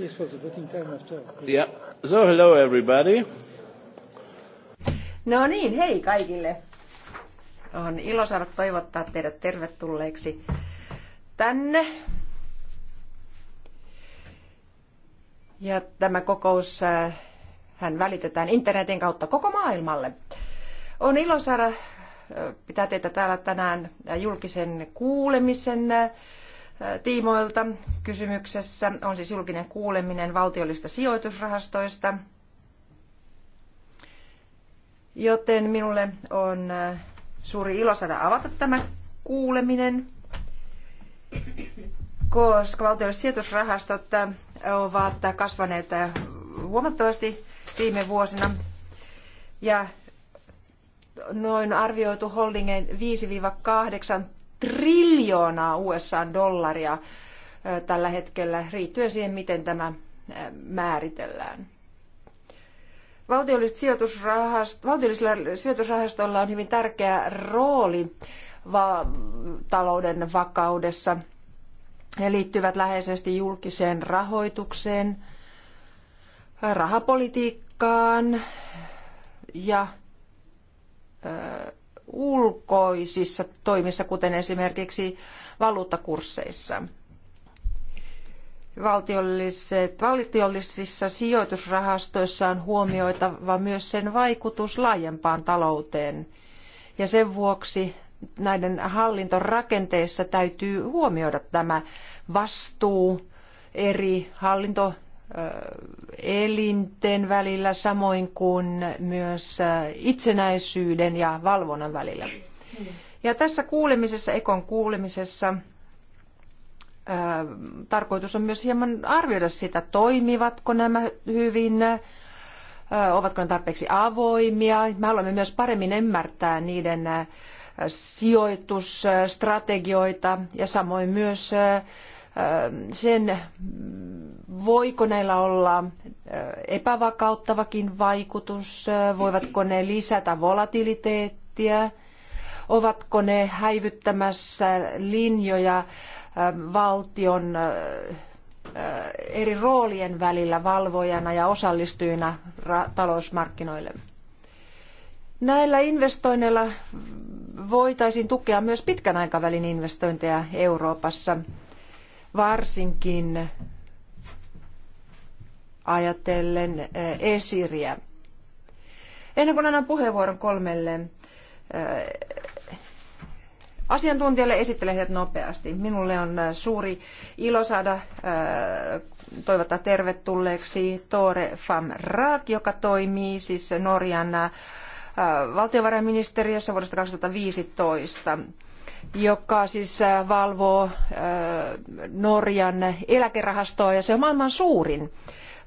This was a time after. Yeah. So hello everybody. No niin, hei kaikille. On ilo saada toivottaa teidät tervetulleeksi tänne. Ja tämä kokous äh, hän välitetään internetin kautta koko maailmalle. On ilo saada äh, pitää teitä täällä tänään äh, julkisen kuulemisen tiimoilta. Kysymyksessä on siis julkinen kuuleminen valtiollista sijoitusrahastoista. Joten minulle on suuri ilo saada avata tämä kuuleminen, koska valtiolliset sijoitusrahastot ovat kasvaneet huomattavasti viime vuosina. Ja noin arvioitu holdingen 5-8 triljoonaa USA-dollaria tällä hetkellä, riittyen siihen, miten tämä määritellään. Valtiollisella sijoitusrahastolla on hyvin tärkeä rooli va- talouden vakaudessa. Ne liittyvät läheisesti julkiseen rahoitukseen, rahapolitiikkaan ja ulkoisissa toimissa, kuten esimerkiksi valuuttakursseissa. valtiollisissa sijoitusrahastoissa on huomioitava myös sen vaikutus laajempaan talouteen. Ja sen vuoksi näiden hallintorakenteissa täytyy huomioida tämä vastuu eri hallinto elinten välillä, samoin kuin myös itsenäisyyden ja valvonnan välillä. Ja tässä kuulemisessa, Ekon kuulemisessa, tarkoitus on myös hieman arvioida sitä, toimivatko nämä hyvin, ovatko ne tarpeeksi avoimia. Me haluamme myös paremmin ymmärtää niiden sijoitusstrategioita ja samoin myös sen, voiko näillä olla epävakauttavakin vaikutus, voivatko ne lisätä volatiliteettia, ovatko ne häivyttämässä linjoja valtion eri roolien välillä valvojana ja osallistujina talousmarkkinoille. Näillä investoinneilla voitaisiin tukea myös pitkän aikavälin investointeja Euroopassa – varsinkin ajatellen eh, esiriä. Ennen kuin annan puheenvuoron kolmelle eh, asiantuntijalle, esittelen heidät nopeasti. Minulle on eh, suuri ilo saada toivottaa tervetulleeksi Tore Famrak, joka toimii siis Norjan valtiovarainministeriössä vuodesta 2015 joka siis äh, valvoo äh, Norjan eläkerahastoa ja se on maailman suurin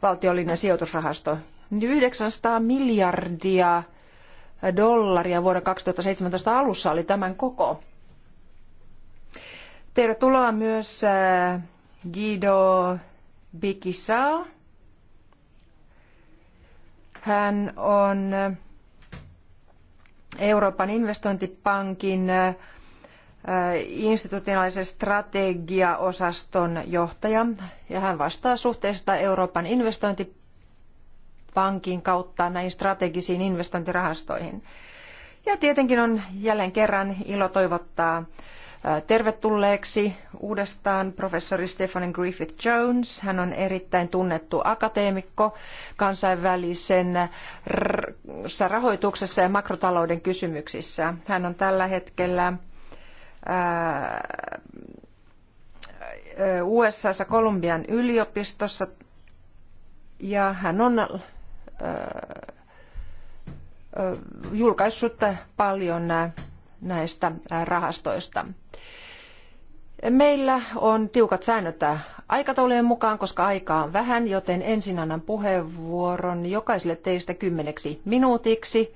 valtiollinen sijoitusrahasto. 900 miljardia dollaria vuoden 2017 alussa oli tämän koko. Tervetuloa myös äh, Guido Bikissa. Hän on Euroopan investointipankin institutionaalisen strategiaosaston johtaja ja hän vastaa suhteesta Euroopan investointipankin kautta näihin strategisiin investointirahastoihin. Ja tietenkin on jälleen kerran ilo toivottaa tervetulleeksi uudestaan professori Stephen Griffith Jones. Hän on erittäin tunnettu akateemikko kansainvälisen rahoituksessa ja makrotalouden kysymyksissä. Hän on tällä hetkellä USAssa Kolumbian yliopistossa ja hän on julkaissut paljon näistä rahastoista. Meillä on tiukat säännöt aikataulujen mukaan, koska aikaa on vähän, joten ensin annan puheenvuoron jokaiselle teistä kymmeneksi minuutiksi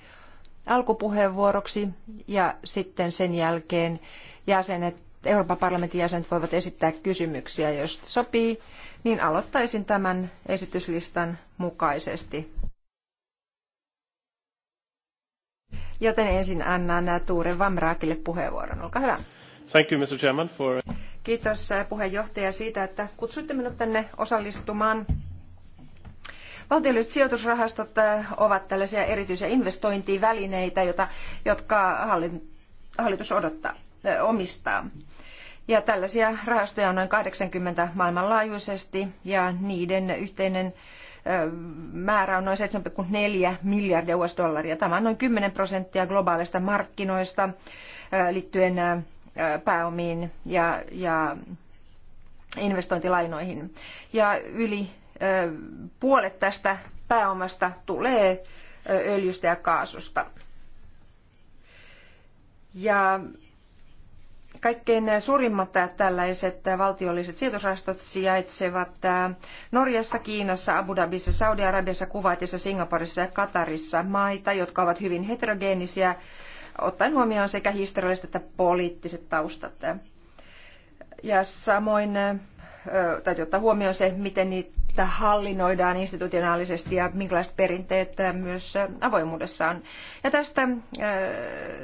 alkupuheenvuoroksi ja sitten sen jälkeen jäsenet, Euroopan parlamentin jäsenet voivat esittää kysymyksiä, jos sopii, niin aloittaisin tämän esityslistan mukaisesti. Joten ensin annan Tuure Vamraakille puheenvuoron. Olkaa hyvä. Thank you, Mr. Chairman, for... Kiitos eh, puheenjohtaja siitä, että kutsuitte minut tänne osallistumaan. Valtiolliset sijoitusrahastot eh, ovat tällaisia erityisiä investointivälineitä, jota, jotka hallitus odottaa omistaa. Ja tällaisia rahastoja on noin 80 maailmanlaajuisesti ja niiden yhteinen määrä on noin 7,4 miljardia US-dollaria. Tämä on noin 10 prosenttia globaalista markkinoista liittyen pääomiin ja, ja investointilainoihin. Ja yli puolet tästä pääomasta tulee öljystä ja kaasusta. Ja Kaikkein suurimmat tällaiset valtiolliset sijoitusrahastot sijaitsevat Norjassa, Kiinassa, Abu Dhabissa, Saudi-Arabiassa, Kuwaitissa, Singaporessa ja Katarissa maita, jotka ovat hyvin heterogeenisiä, ottaen huomioon sekä historialliset että poliittiset taustat. Ja samoin täytyy ottaa huomioon se, miten niitä hallinnoidaan institutionaalisesti ja minkälaiset perinteet äh, myös äh, avoimuudessa on. Ja tästä äh,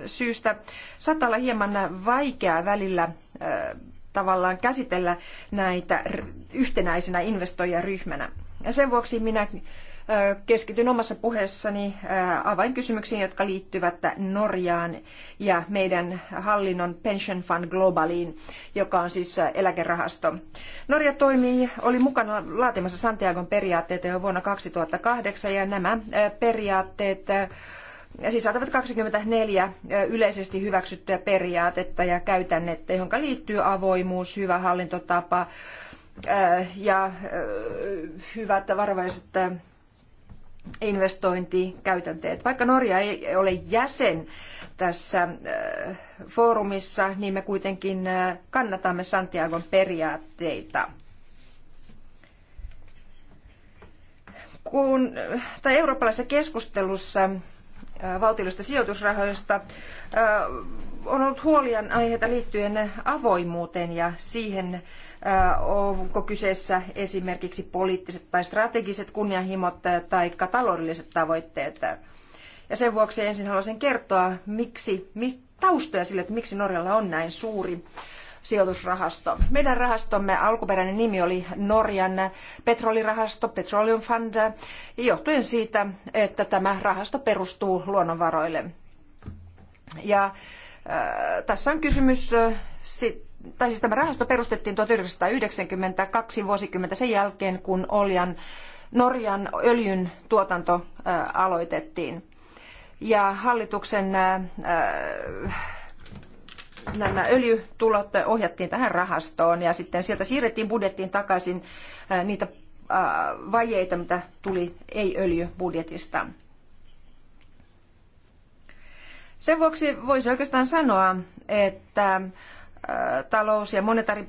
syystä saattaa olla hieman vaikeaa välillä tavallaan käsitellä näitä yhtenäisenä investoijaryhmänä. Ja sen vuoksi minä Keskityn omassa puheessani avainkysymyksiin, jotka liittyvät Norjaan ja meidän hallinnon Pension Fund Globaliin, joka on siis eläkerahasto. Norja toimii, oli mukana laatimassa Santiagon periaatteita jo vuonna 2008 ja nämä periaatteet sisältävät 24 yleisesti hyväksyttyä periaatetta ja käytännettä, johon liittyy avoimuus, hyvä hallintotapa ja hyvät varovaiset investointikäytänteet. Vaikka Norja ei ole jäsen tässä äh, foorumissa, niin me kuitenkin äh, kannatamme Santiagon periaatteita. Kun, äh, tai eurooppalaisessa keskustelussa valtiollisista sijoitusrahoista on ollut huolian aiheita liittyen avoimuuteen ja siihen, onko kyseessä esimerkiksi poliittiset tai strategiset kunnianhimot tai taloudelliset tavoitteet. Ja sen vuoksi ensin haluaisin kertoa, miksi, taustoja sille, että miksi Norjalla on näin suuri sijoitusrahasto. Meidän rahastomme alkuperäinen nimi oli Norjan petrolirahasto, Petroleum Fund, johtuen siitä, että tämä rahasto perustuu luonnonvaroille. Ja äh, tässä on kysymys äh, sit, tai siis tämä rahasto perustettiin 1992 vuosikymmentä sen jälkeen, kun Oljan, Norjan öljyn tuotanto aloitettiin. Ja hallituksen nämä öljytulot ohjattiin tähän rahastoon ja sitten sieltä siirrettiin budjettiin takaisin niitä vajeita, mitä tuli ei-öljybudjetista. Sen vuoksi voisi oikeastaan sanoa, että talous ja monetari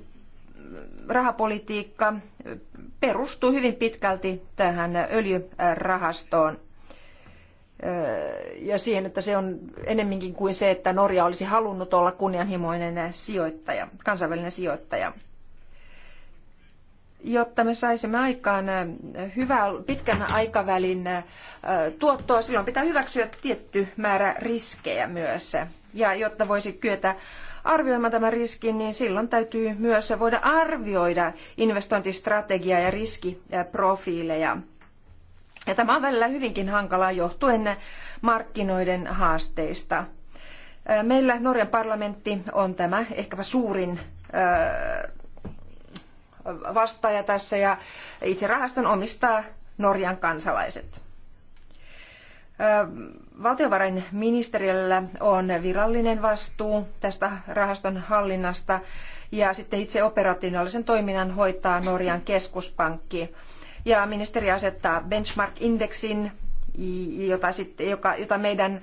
rahapolitiikka perustuu hyvin pitkälti tähän öljyrahastoon ja siihen, että se on enemminkin kuin se, että Norja olisi halunnut olla kunnianhimoinen sijoittaja, kansainvälinen sijoittaja. Jotta me saisimme aikaan hyvää pitkän aikavälin tuottoa, silloin pitää hyväksyä tietty määrä riskejä myös. Ja jotta voisi kyetä arvioimaan tämän riskin, niin silloin täytyy myös voida arvioida investointistrategiaa ja riskiprofiileja. Ja tämä on välillä hyvinkin hankalaa johtuen markkinoiden haasteista. Meillä Norjan parlamentti on tämä ehkäpä suurin vastaaja tässä ja itse rahaston omistaa Norjan kansalaiset. Valtiovarainministeriöllä on virallinen vastuu tästä rahaston hallinnasta ja sitten itse operatiivisen toiminnan hoitaa Norjan keskuspankki. Ja ministeri asettaa benchmark-indeksin, jota, jota, meidän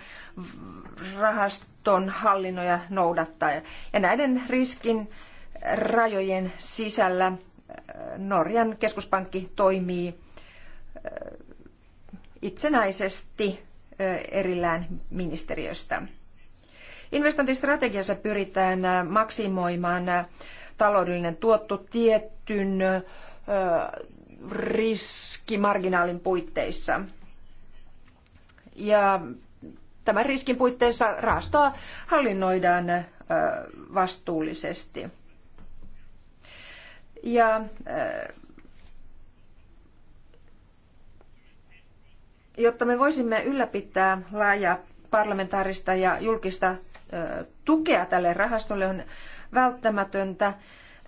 rahaston hallinnoja noudattaa. Ja näiden riskin rajojen sisällä Norjan keskuspankki toimii itsenäisesti erillään ministeriöstä. Investointistrategiassa pyritään maksimoimaan taloudellinen tuotto tietyn riskimarginaalin puitteissa. Ja tämän riskin puitteissa rahastoa hallinnoidaan vastuullisesti. Ja jotta me voisimme ylläpitää laajaa parlamentaarista ja julkista tukea tälle rahastolle, on välttämätöntä,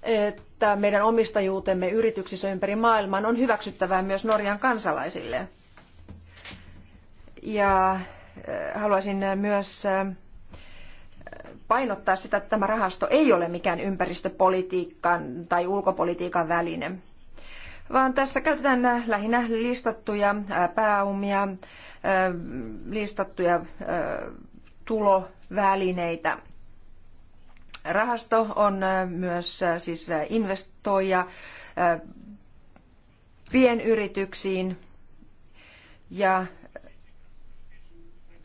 että meidän omistajuutemme yrityksissä ympäri maailman on hyväksyttävää myös Norjan kansalaisille. Ja haluaisin myös painottaa sitä, että tämä rahasto ei ole mikään ympäristöpolitiikan tai ulkopolitiikan väline vaan tässä käytetään lähinnä listattuja pääomia, listattuja tulovälineitä. Rahasto on myös siis investoija pienyrityksiin ja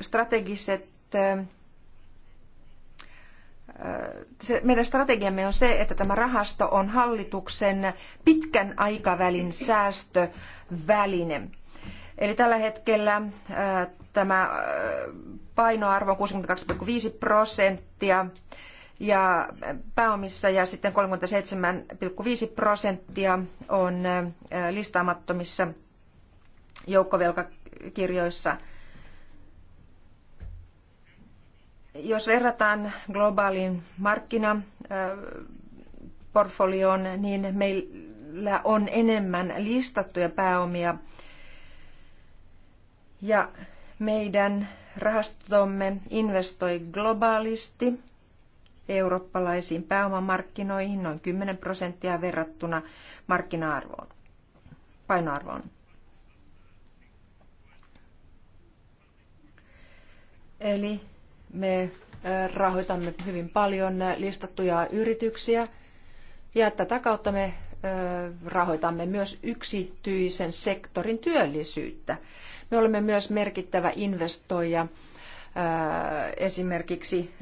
strategiset se, meidän strategiamme on se, että tämä rahasto on hallituksen pitkän aikavälin säästöväline. Eli tällä hetkellä äh, tämä äh, painoarvo on 62,5 prosenttia ja pääomissa ja sitten 37,5 prosenttia on äh, listaamattomissa joukkovelkakirjoissa – Jos verrataan globaaliin markkinaportfolioon, niin meillä on enemmän listattuja pääomia ja meidän rahastomme investoi globaalisti eurooppalaisiin pääomamarkkinoihin noin 10 prosenttia verrattuna markkina-arvoon, painoarvoon. Eli me rahoitamme hyvin paljon listattuja yrityksiä ja tätä kautta me rahoitamme myös yksityisen sektorin työllisyyttä. Me olemme myös merkittävä investoija esimerkiksi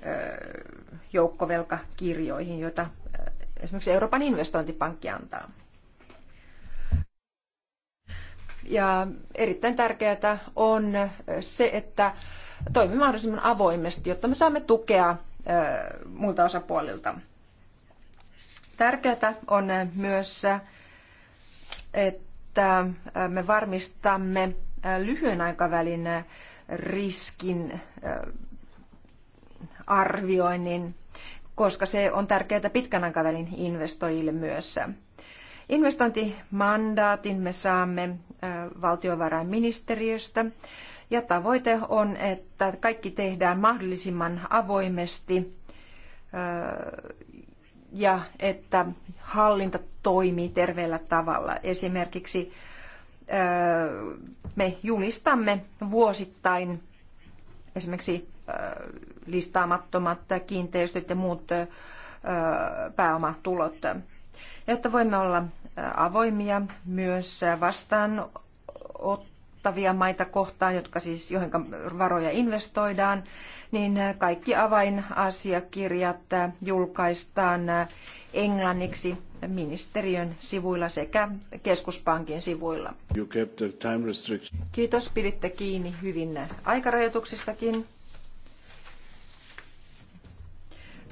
joukkovelkakirjoihin, joita esimerkiksi Euroopan investointipankki antaa. Ja erittäin tärkeää on se, että toimii mahdollisimman avoimesti, jotta me saamme tukea muilta osapuolilta. Tärkeää on myös, että me varmistamme lyhyen aikavälin riskin arvioinnin, koska se on tärkeää pitkän aikavälin investoijille myös. Investointimandaatin me saamme valtiovarainministeriöstä ja tavoite on, että kaikki tehdään mahdollisimman avoimesti ja että hallinta toimii terveellä tavalla. Esimerkiksi me julistamme vuosittain esimerkiksi listaamattomat kiinteistöt ja muut pääomatulot. Jotta voimme olla avoimia myös vastaanottoon tuottavia maita kohtaan, jotka siis, joihin varoja investoidaan, niin kaikki avainasiakirjat julkaistaan englanniksi ministeriön sivuilla sekä keskuspankin sivuilla. Kiitos, piditte kiinni hyvin aikarajoituksistakin.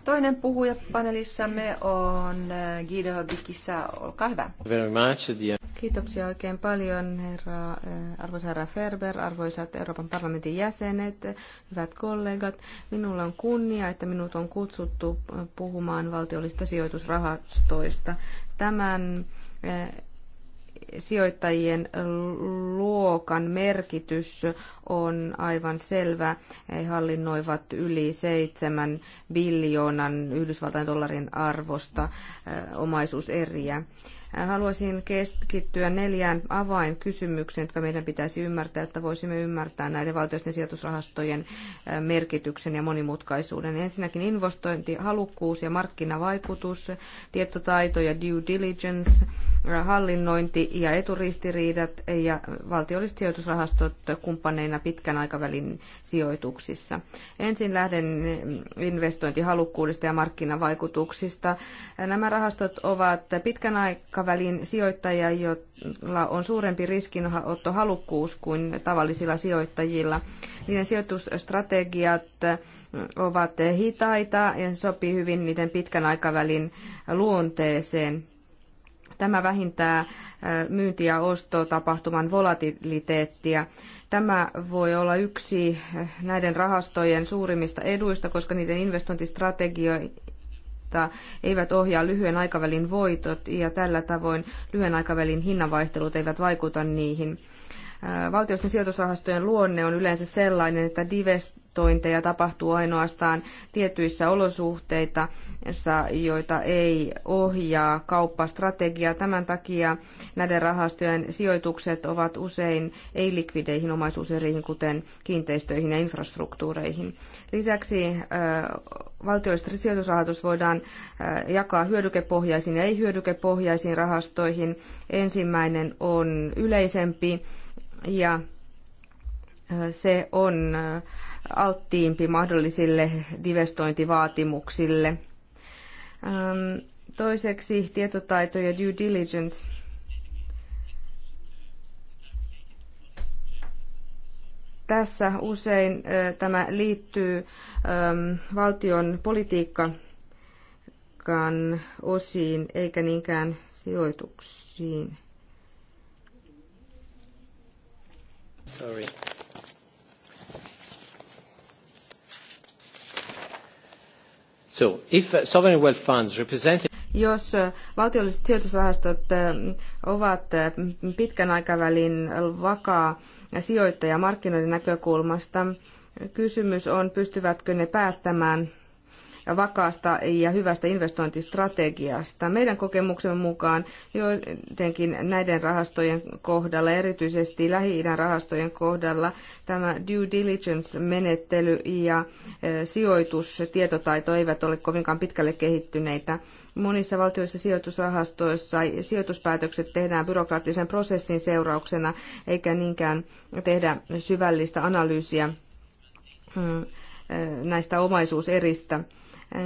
Toinen puhuja panelissamme on äh, Guido Bikissa. Olkaa hyvä. Very much, dear. Kiitoksia oikein paljon, herra, äh, arvoisa herra Ferber, arvoisat Euroopan parlamentin jäsenet, hyvät kollegat. Minulla on kunnia, että minut on kutsuttu puhumaan valtiollista sijoitusrahastoista. Tämän äh, sijoittajien luokan merkitys on aivan selvä. He hallinnoivat yli 7 biljoonan Yhdysvaltain dollarin arvosta omaisuuseriä. Haluaisin keskittyä neljään avainkysymykseen, jotka meidän pitäisi ymmärtää, että voisimme ymmärtää näiden valtioiden sijoitusrahastojen merkityksen ja monimutkaisuuden. Ensinnäkin investointihalukkuus ja markkinavaikutus, tietotaito ja due diligence, hallinnointi ja eturistiriidat ja valtiolliset sijoitusrahastot kumppaneina pitkän aikavälin sijoituksissa. Ensin lähden mm, investointihalukkuudesta ja markkinavaikutuksista. Nämä rahastot ovat pitkän aikaa aikavälin sijoittajia, joilla on suurempi riskinottohalukkuus kuin tavallisilla sijoittajilla. Niiden sijoitusstrategiat ovat hitaita ja se sopii hyvin niiden pitkän aikavälin luonteeseen. Tämä vähintää myynti- ja ostotapahtuman volatiliteettia. Tämä voi olla yksi näiden rahastojen suurimmista eduista, koska niiden investointistrategioiden hintaa eivät ohjaa lyhyen aikavälin voitot ja tällä tavoin lyhyen aikavälin hinnanvaihtelut eivät vaikuta niihin. Valtioiden sijoitusrahastojen luonne on yleensä sellainen, että investointeja tapahtuu ainoastaan tietyissä olosuhteissa, joita ei ohjaa kauppastrategia. Tämän takia näiden rahastojen sijoitukset ovat usein ei-likvideihin omaisuuseriin, kuten kiinteistöihin ja infrastruktuureihin. Lisäksi valtiolliset sijoitusrahoitus voidaan jakaa hyödykepohjaisiin ja ei-hyödykepohjaisiin rahastoihin. Ensimmäinen on yleisempi ja se on alttiimpi mahdollisille divestointivaatimuksille. Ähm, toiseksi tietotaito ja due diligence. Tässä usein äh, tämä liittyy ähm, valtion politiikkaan osiin eikä niinkään sijoituksiin. Sorry. So, if uh, sovereign wealth funds Jos uh, valtiolliset sijoitusrahastot uh, ovat pitkän aikavälin vakaa sijoittaja markkinoiden näkökulmasta, kysymys on, pystyvätkö ne päättämään – vakaasta ja hyvästä investointistrategiasta. Meidän kokemuksen mukaan joidenkin näiden rahastojen kohdalla, erityisesti Lähi-idän rahastojen kohdalla, tämä due diligence-menettely ja eh, sijoitustietotaito eivät ole kovinkaan pitkälle kehittyneitä. Monissa valtioissa sijoitusrahastoissa sijoituspäätökset tehdään byrokraattisen prosessin seurauksena, eikä niinkään tehdä syvällistä analyysiä mm, eh, näistä omaisuuseristä.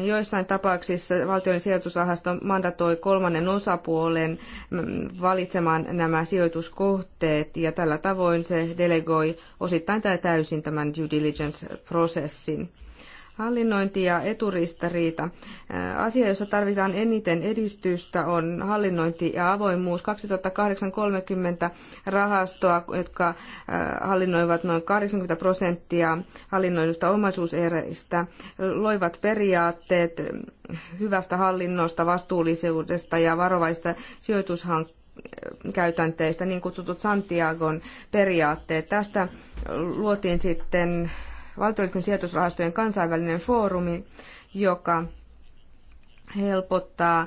Joissain tapauksissa valtion sijoitusrahasto mandatoi kolmannen osapuolen mm, valitsemaan nämä sijoituskohteet ja tällä tavoin se delegoi osittain tai täysin tämän due diligence-prosessin. Hallinnointi ja eturistariita. Asia, jossa tarvitaan eniten edistystä, on hallinnointi ja avoimuus. 2830 rahastoa, jotka hallinnoivat noin 80 prosenttia hallinnoidusta omaisuuseristä, loivat periaatteet hyvästä hallinnosta, vastuullisuudesta ja varovaista sijoitushankkeista käytänteistä, niin kutsutut Santiagon periaatteet. Tästä luotiin sitten valtiollisten sijoitusrahastojen kansainvälinen foorumi, joka helpottaa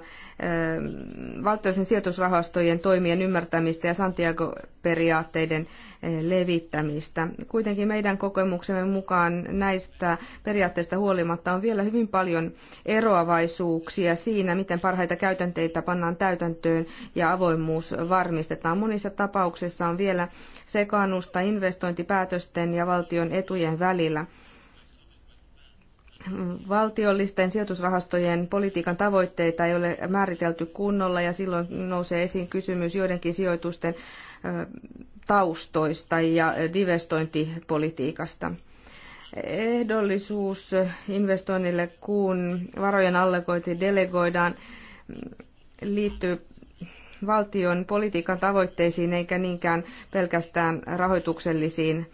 valtioiden sijoitusrahastojen toimien ymmärtämistä ja Santiago-periaatteiden levittämistä. Kuitenkin meidän kokemuksemme mukaan näistä periaatteista huolimatta on vielä hyvin paljon eroavaisuuksia siinä, miten parhaita käytänteitä pannaan täytäntöön ja avoimuus varmistetaan. Monissa tapauksissa on vielä sekaannusta investointipäätösten ja valtion etujen välillä valtiollisten sijoitusrahastojen politiikan tavoitteita ei ole määritelty kunnolla ja silloin nousee esiin kysymys joidenkin sijoitusten taustoista ja divestointipolitiikasta. Ehdollisuus investoinnille, kun varojen allegointi delegoidaan, liittyy valtion politiikan tavoitteisiin eikä niinkään pelkästään rahoituksellisiin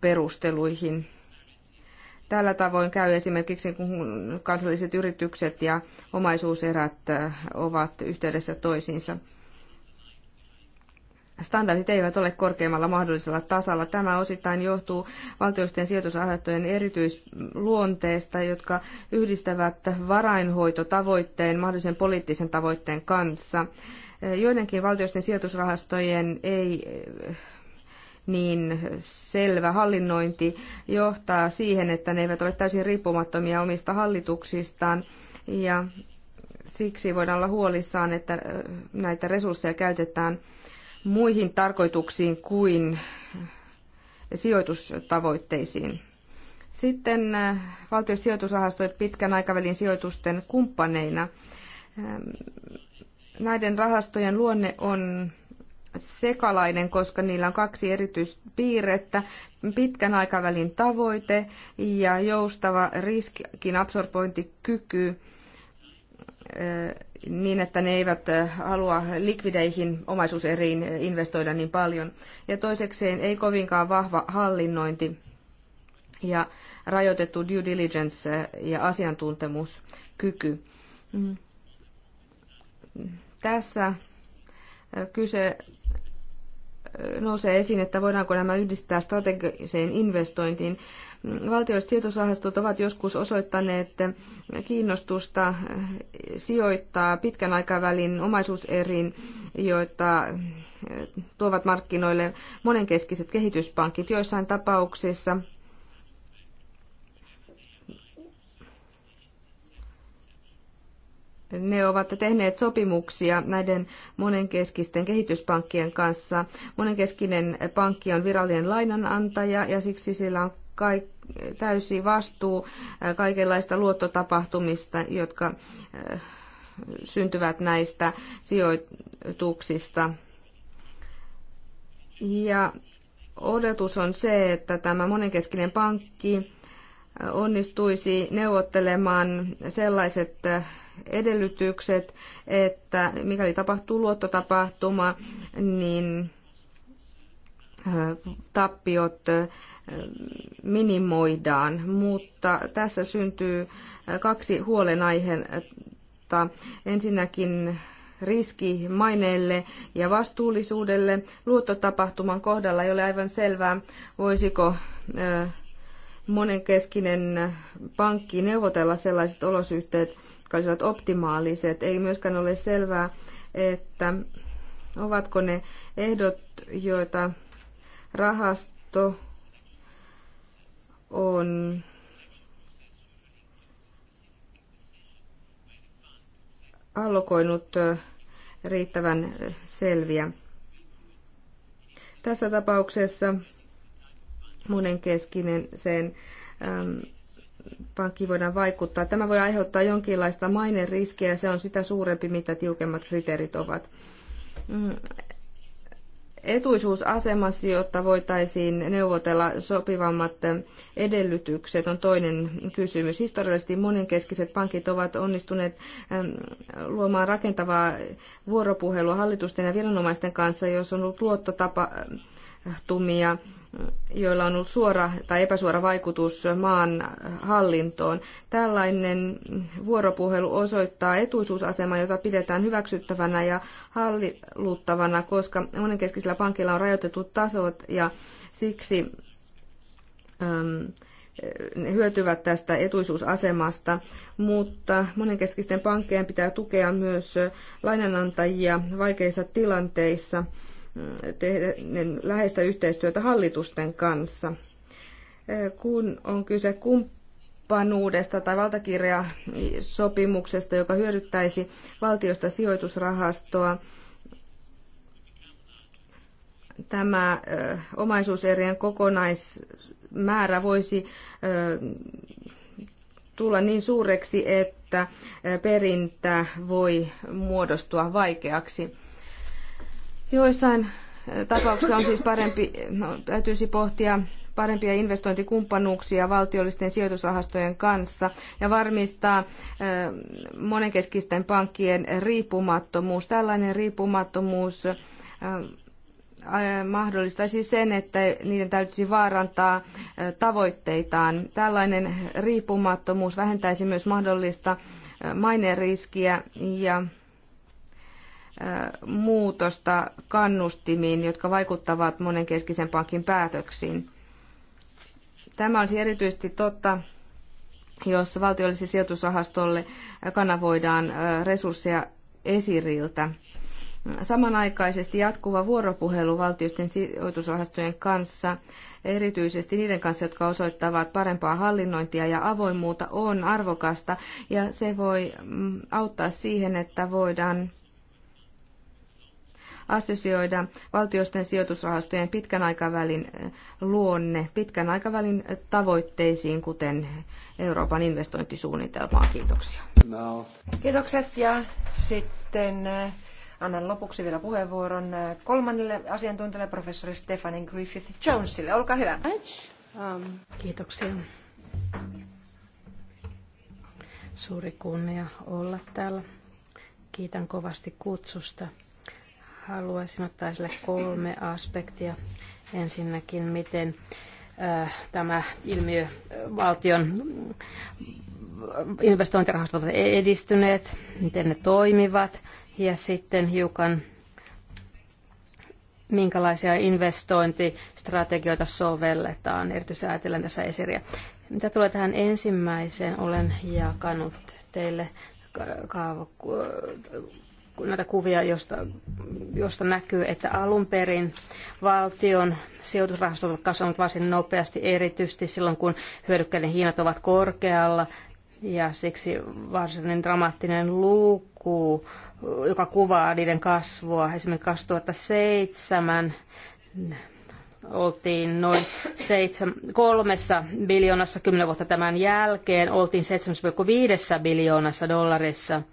perusteluihin Tällä tavoin käy esimerkiksi, kun kansalliset yritykset ja omaisuuserät äh, ovat yhteydessä toisiinsa. Standardit eivät ole korkeimmalla mahdollisella tasalla. Tämä osittain johtuu valtiollisten sijoitusrahastojen erityisluonteesta, jotka yhdistävät varainhoitotavoitteen mahdollisen poliittisen tavoitteen kanssa. Joidenkin valtiollisten sijoitusrahastojen ei niin selvä hallinnointi johtaa siihen, että ne eivät ole täysin riippumattomia omista hallituksistaan. Ja siksi voidaan olla huolissaan, että näitä resursseja käytetään muihin tarkoituksiin kuin sijoitustavoitteisiin. Sitten valtion sijoitusrahastot pitkän aikavälin sijoitusten kumppaneina. Näiden rahastojen luonne on sekalainen, koska niillä on kaksi erityispiirrettä. Pitkän aikavälin tavoite ja joustava riskin absorbointikyky niin, että ne eivät halua likvideihin omaisuuseriin investoida niin paljon. Ja toisekseen ei kovinkaan vahva hallinnointi ja rajoitettu due diligence ja asiantuntemuskyky. Mm. Tässä kyse nousee esiin, että voidaanko nämä yhdistää strategiseen investointiin. Valtioiset sijoitusrahastot ovat joskus osoittaneet kiinnostusta sijoittaa pitkän aikavälin omaisuuseriin, joita tuovat markkinoille monenkeskiset kehityspankit joissain tapauksissa – ne ovat tehneet sopimuksia näiden monenkeskisten kehityspankkien kanssa. Monenkeskinen pankki on virallinen lainanantaja ja siksi sillä on kaik- täysi vastuu kaikenlaista luottotapahtumista, jotka syntyvät näistä sijoituksista. Ja odotus on se, että tämä monenkeskinen pankki onnistuisi neuvottelemaan sellaiset edellytykset, että mikäli tapahtuu luottotapahtuma, niin tappiot minimoidaan, mutta tässä syntyy kaksi huolenaihetta. Ensinnäkin riski maineelle ja vastuullisuudelle. Luottotapahtuman kohdalla ei ole aivan selvää, voisiko monenkeskinen pankki neuvotella sellaiset olosuhteet, jotka olisivat optimaaliset. Ei myöskään ole selvää, että ovatko ne ehdot, joita rahasto on allokoinut riittävän selviä. Tässä tapauksessa monenkeskinen sen pankki voidaan vaikuttaa. Tämä voi aiheuttaa jonkinlaista mainen riskiä ja se on sitä suurempi, mitä tiukemmat kriteerit ovat. Mm, etuisuusasemassa, jotta voitaisiin neuvotella sopivammat edellytykset, on toinen kysymys. Historiallisesti monenkeskiset pankit ovat onnistuneet luomaan rakentavaa vuoropuhelua hallitusten ja viranomaisten kanssa, jos on ollut luottotapa, tapahtumia, joilla on ollut suora tai epäsuora vaikutus maan hallintoon. Tällainen vuoropuhelu osoittaa etuisuusaseman, jota pidetään hyväksyttävänä ja halliluttavana, koska monenkeskisillä pankilla on rajoitetut tasot ja siksi äm, ne hyötyvät tästä etuisuusasemasta, mutta monenkeskisten pankkeen pitää tukea myös lainanantajia vaikeissa tilanteissa tehdä läheistä yhteistyötä hallitusten kanssa. Kun on kyse kumppanuudesta tai valtakirjasopimuksesta, joka hyödyttäisi valtiosta sijoitusrahastoa, tämä omaisuuserien kokonaismäärä voisi tulla niin suureksi, että perintä voi muodostua vaikeaksi. Joissain tapauksissa on siis parempi, no, täytyisi pohtia parempia investointikumppanuuksia valtiollisten sijoitusrahastojen kanssa ja varmistaa monenkeskisten pankkien riippumattomuus. Tällainen riippumattomuus mahdollistaisi sen, että niiden täytyisi vaarantaa tavoitteitaan. Tällainen riippumattomuus vähentäisi myös mahdollista maineriskiä ja muutosta kannustimiin, jotka vaikuttavat monenkeskisen pankin päätöksiin. Tämä olisi erityisesti totta, jos valtiolliselle sijoitusrahastolle kanavoidaan resursseja esiriltä. Samanaikaisesti jatkuva vuoropuhelu valtioisten sijoitusrahastojen kanssa, erityisesti niiden kanssa, jotka osoittavat parempaa hallinnointia ja avoimuutta, on arvokasta ja se voi mm, auttaa siihen, että voidaan assosioida valtiosten sijoitusrahastojen pitkän aikavälin eh, luonne pitkän aikavälin eh, tavoitteisiin, kuten Euroopan investointisuunnitelmaan. Kiitoksia. No. Kiitokset ja sitten eh, annan lopuksi vielä puheenvuoron kolmannelle asiantuntijalle professori Stefanin Griffith-Jonesille. Olkaa hyvä. Um. Kiitoksia. Suuri kunnia olla täällä. Kiitän kovasti kutsusta. Haluaisin ottaa esille kolme aspektia. Ensinnäkin, miten äh, tämä ilmiö äh, valtion äh, investointirahastot ovat edistyneet, miten ne toimivat ja sitten hiukan minkälaisia investointistrategioita sovelletaan, erityisesti ajatellen tässä esiriä. Mitä tulee tähän ensimmäiseen, olen jakanut teille näitä kuvia, josta, josta näkyy, että alun perin valtion sijoitusrahastot ovat kasvaneet varsin nopeasti, erityisesti silloin kun hyödykkeiden hinnat ovat korkealla. Ja siksi varsin dramaattinen luku, joka kuvaa niiden kasvua. Esimerkiksi 2007 oltiin noin seitsemän, kolmessa biljoonassa kymmenen vuotta tämän jälkeen, oltiin 7,5 biljoonassa dollarissa –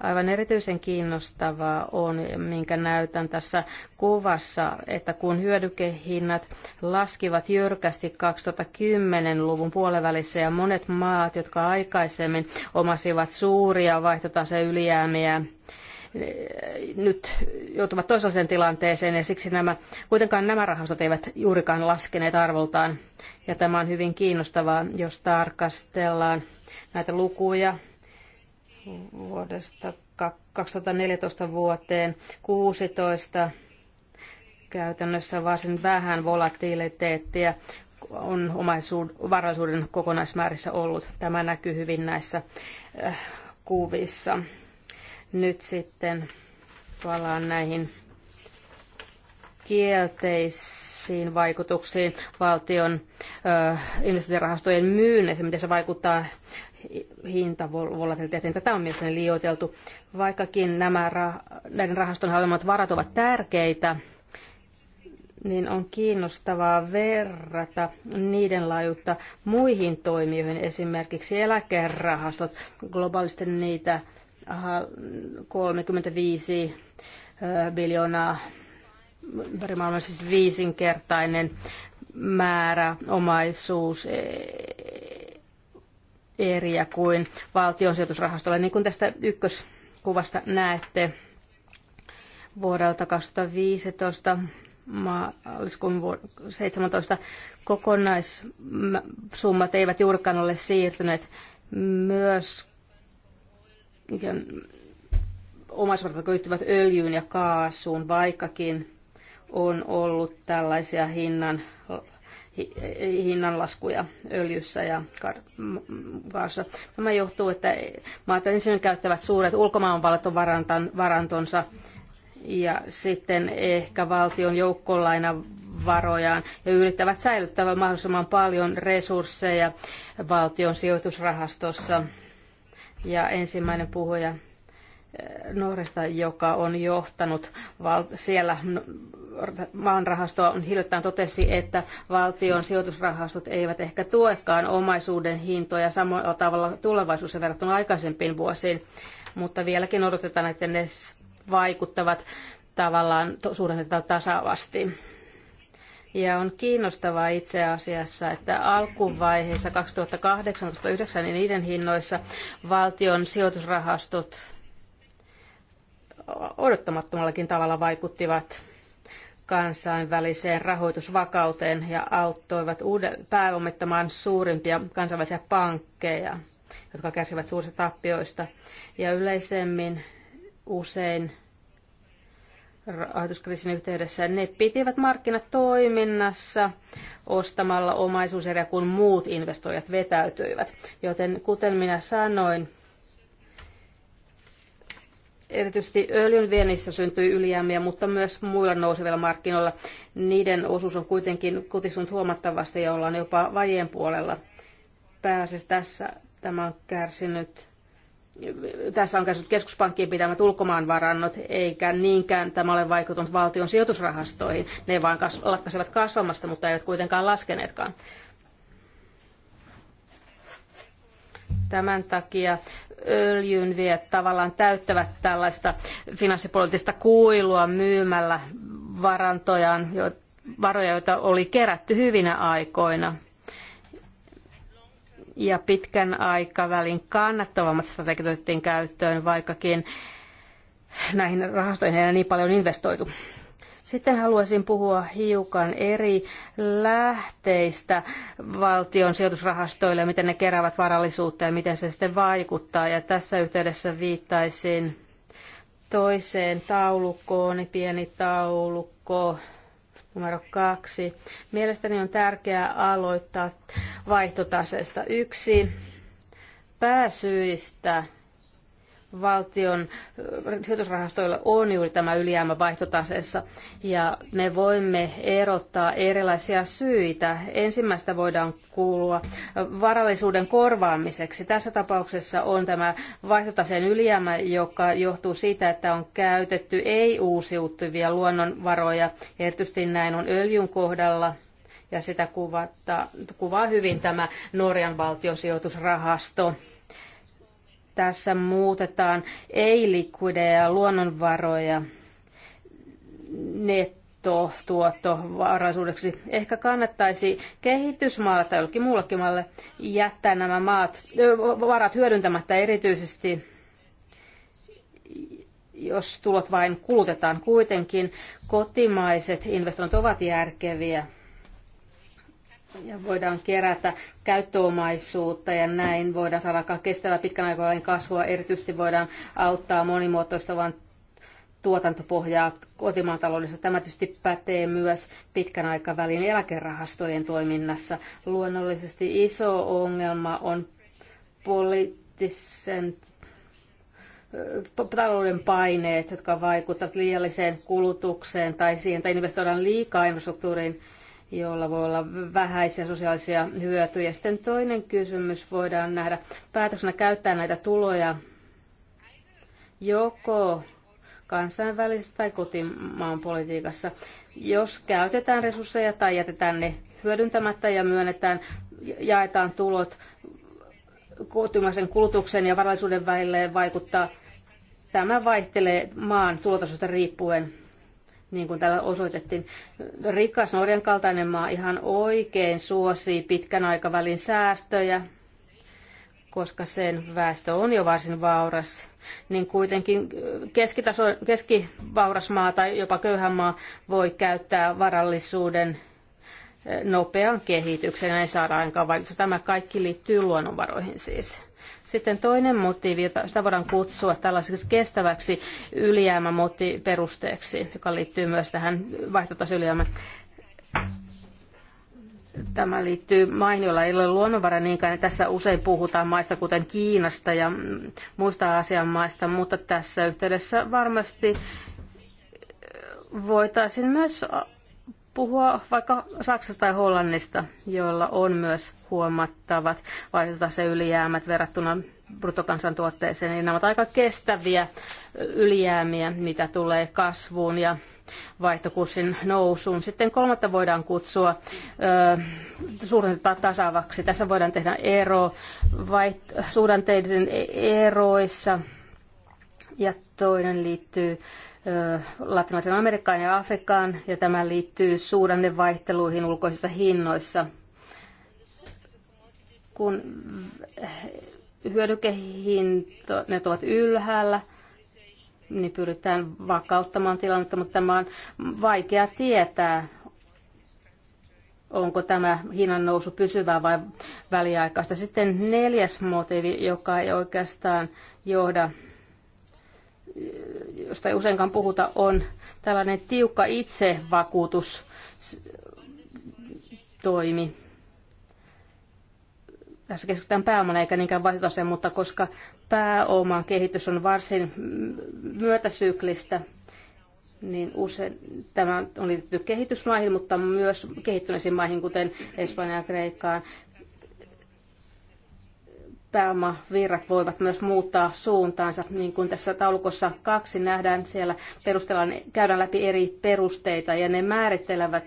Aivan erityisen kiinnostavaa on, minkä näytän tässä kuvassa, että kun hyödykehinnat laskivat jyrkästi 2010-luvun puolivälissä ja monet maat, jotka aikaisemmin omasivat suuria vaihtotaseen ylijäämiä, nyt joutuvat toisaalliseen tilanteeseen ja siksi nämä, kuitenkaan nämä rahastot eivät juurikaan laskeneet arvoltaan. Ja tämä on hyvin kiinnostavaa, jos tarkastellaan näitä lukuja vuodesta 2014 vuoteen 16 käytännössä varsin vähän volatiliteettia on omaisuud, varallisuuden kokonaismäärissä ollut. Tämä näkyy hyvin näissä äh, kuvissa. Nyt sitten palaan näihin kielteisiin vaikutuksiin valtion ö, äh, investointirahastojen myynnissä, miten se vaikuttaa hinta volatiliteetin. Niin tätä on mielestäni liioiteltu. Vaikkakin nämä näiden rahaston hallinnat varat ovat tärkeitä, niin on kiinnostavaa verrata niiden laajuutta muihin toimijoihin, esimerkiksi eläkerahastot. Globaalisti niitä 35 biljoonaa, maailman siis viisinkertainen määrä omaisuus e- eriä kuin valtion Niin kuin tästä ykköskuvasta näette, vuodelta 2015 maaliskuun 17 kokonaissummat eivät juurikaan ole siirtyneet. Myös omaisuudet liittyvät öljyyn ja kaasuun, vaikkakin on ollut tällaisia hinnan hinnanlaskuja öljyssä ja kaasussa. Tämä johtuu, että maat ensin käyttävät suuret ulkomaanvallat varantonsa ja sitten ehkä valtion varojaan ja yrittävät säilyttää mahdollisimman paljon resursseja valtion sijoitusrahastossa. Ja ensimmäinen puhuja Norjasta, joka on johtanut val- siellä maanrahastoa, on hiljattain totesi, että valtion sijoitusrahastot eivät ehkä tuekaan omaisuuden hintoja samalla tavalla tulevaisuudessa verrattuna aikaisempiin vuosiin, mutta vieläkin odotetaan, että ne vaikuttavat tavallaan suhdannetta tasavasti. Ja on kiinnostavaa itse asiassa, että alkuvaiheessa 2008-2009 niin niiden hinnoissa valtion sijoitusrahastot odottamattomallakin tavalla vaikuttivat kansainväliseen rahoitusvakauteen ja auttoivat uuden, pääomittamaan suurimpia kansainvälisiä pankkeja, jotka kärsivät suurista tappioista. Ja yleisemmin usein rahoituskriisin yhteydessä ne pitivät markkinat toiminnassa ostamalla omaisuuseriä, kun muut investoijat vetäytyivät. Joten kuten minä sanoin, Erityisesti öljyn viennissä syntyi ylijäämiä, mutta myös muilla nousevilla markkinoilla. Niiden osuus on kuitenkin kutistunut huomattavasti ja ollaan jopa vajeen puolella. Pääasiassa tässä tämä on kärsinyt tässä on käsitelty keskuspankkien pitämät ulkomaanvarannot, eikä niinkään tämä ole vaikuttanut valtion sijoitusrahastoihin. Ne vain kas- lakkasivat kasvamasta, mutta eivät kuitenkaan laskeneetkaan. Tämän takia öljynviet tavallaan täyttävät tällaista finanssipoliittista kuilua myymällä varantojaan, varoja, joita oli kerätty hyvinä aikoina. Ja pitkän aikavälin kannattavammat strategiat otettiin käyttöön, vaikkakin näihin rahastoihin ei niin paljon investoitu. Sitten haluaisin puhua hiukan eri lähteistä valtion sijoitusrahastoille, miten ne keräävät varallisuutta ja miten se sitten vaikuttaa. Ja tässä yhteydessä viittaisin toiseen taulukkoon, niin pieni taulukko numero kaksi. Mielestäni on tärkeää aloittaa vaihtotasesta. Yksi pääsyistä valtion äh, sijoitusrahastoilla on juuri tämä ylijäämä vaihtotaseessa ja me voimme erottaa erilaisia syitä. Ensimmäistä voidaan kuulua varallisuuden korvaamiseksi. Tässä tapauksessa on tämä vaihtotaseen ylijäämä, joka johtuu siitä, että on käytetty ei-uusiutuvia luonnonvaroja. erityisesti näin on öljyn kohdalla ja sitä kuvata, kuvaa hyvin tämä Norjan valtion sijoitusrahasto tässä muutetaan ei-likuideja luonnonvaroja nettotuottovaraisuudeksi. Ehkä kannattaisi kehitysmaalla tai jollekin muullekin maalle jättää nämä maat, varat hyödyntämättä erityisesti jos tulot vain kulutetaan kuitenkin, kotimaiset investoinnit ovat järkeviä ja voidaan kerätä käyttöomaisuutta ja näin voidaan saada aikaan kestävää pitkän aikavälin kasvua. Erityisesti voidaan auttaa monimuotoistavan tuotantopohjaa kotimaan taloudessa. Tämä tietysti pätee myös pitkän aikavälin eläkerahastojen toiminnassa. Luonnollisesti iso ongelma on poliittisen talouden paineet, jotka vaikuttavat liialliseen kulutukseen tai siihen, että investoidaan liikaa infrastruktuuriin jolla voi olla vähäisiä sosiaalisia hyötyjä. Sitten toinen kysymys voidaan nähdä päätöksenä käyttää näitä tuloja joko kansainvälisessä tai kotimaan politiikassa. Jos käytetään resursseja tai jätetään ne hyödyntämättä ja myönnetään, jaetaan tulot kotimaisen kulutuksen ja varallisuuden välille vaikuttaa. Tämä vaihtelee maan tulotasosta riippuen niin kuin täällä osoitettiin, rikas Norjan kaltainen maa ihan oikein suosii pitkän aikavälin säästöjä, koska sen väestö on jo varsin vauras, niin kuitenkin keskitaso, keskivauras maa tai jopa köyhän maa voi käyttää varallisuuden nopean kehityksen, ja ei saada aikaan vaikutusta. Tämä kaikki liittyy luonnonvaroihin siis. Sitten toinen motiivi, jota sitä voidaan kutsua tällaiseksi kestäväksi ylijäämämotiperusteeksi, joka liittyy myös tähän vaihtotasylijäämään. Tämä liittyy maihin, joilla ei ole luonnonvara niinkään. Niin tässä usein puhutaan maista kuten Kiinasta ja muista Aasian maista, mutta tässä yhteydessä varmasti voitaisiin myös puhua vaikka Saksasta tai Hollannista, joilla on myös huomattavat vaihtotaseen ylijäämät verrattuna bruttokansantuotteeseen, niin nämä ovat aika kestäviä ylijäämiä, mitä tulee kasvuun ja vaihtokurssin nousuun. Sitten kolmatta voidaan kutsua suhdanteita tasavaksi. Tässä voidaan tehdä ero vaiht- suhdanteiden e-, eroissa. Ja toinen liittyy Latinalaisen Amerikkaan ja Afrikkaan, ja tämä liittyy suhdannevaihteluihin ulkoisissa hinnoissa. Kun hyödykehinnat ovat ylhäällä, niin pyritään vakauttamaan tilannetta, mutta tämä on vaikea tietää, onko tämä hinnan nousu pysyvää vai väliaikaista. Sitten neljäs motiivi, joka ei oikeastaan johda josta ei useinkaan puhuta, on tällainen tiukka itsevakuutustoimi. Tässä keskitytään pääoman eikä niinkään vaihtotaseen, mutta koska pääoman kehitys on varsin myötäsyklistä, niin usein tämä on liitetty kehitysmaihin, mutta myös kehittyneisiin maihin, kuten Espanjaan ja Kreikkaan pääomavirrat voivat myös muuttaa suuntaansa. Niin kuin tässä taulukossa kaksi nähdään, siellä perustellaan, käydään läpi eri perusteita ja ne määrittelevät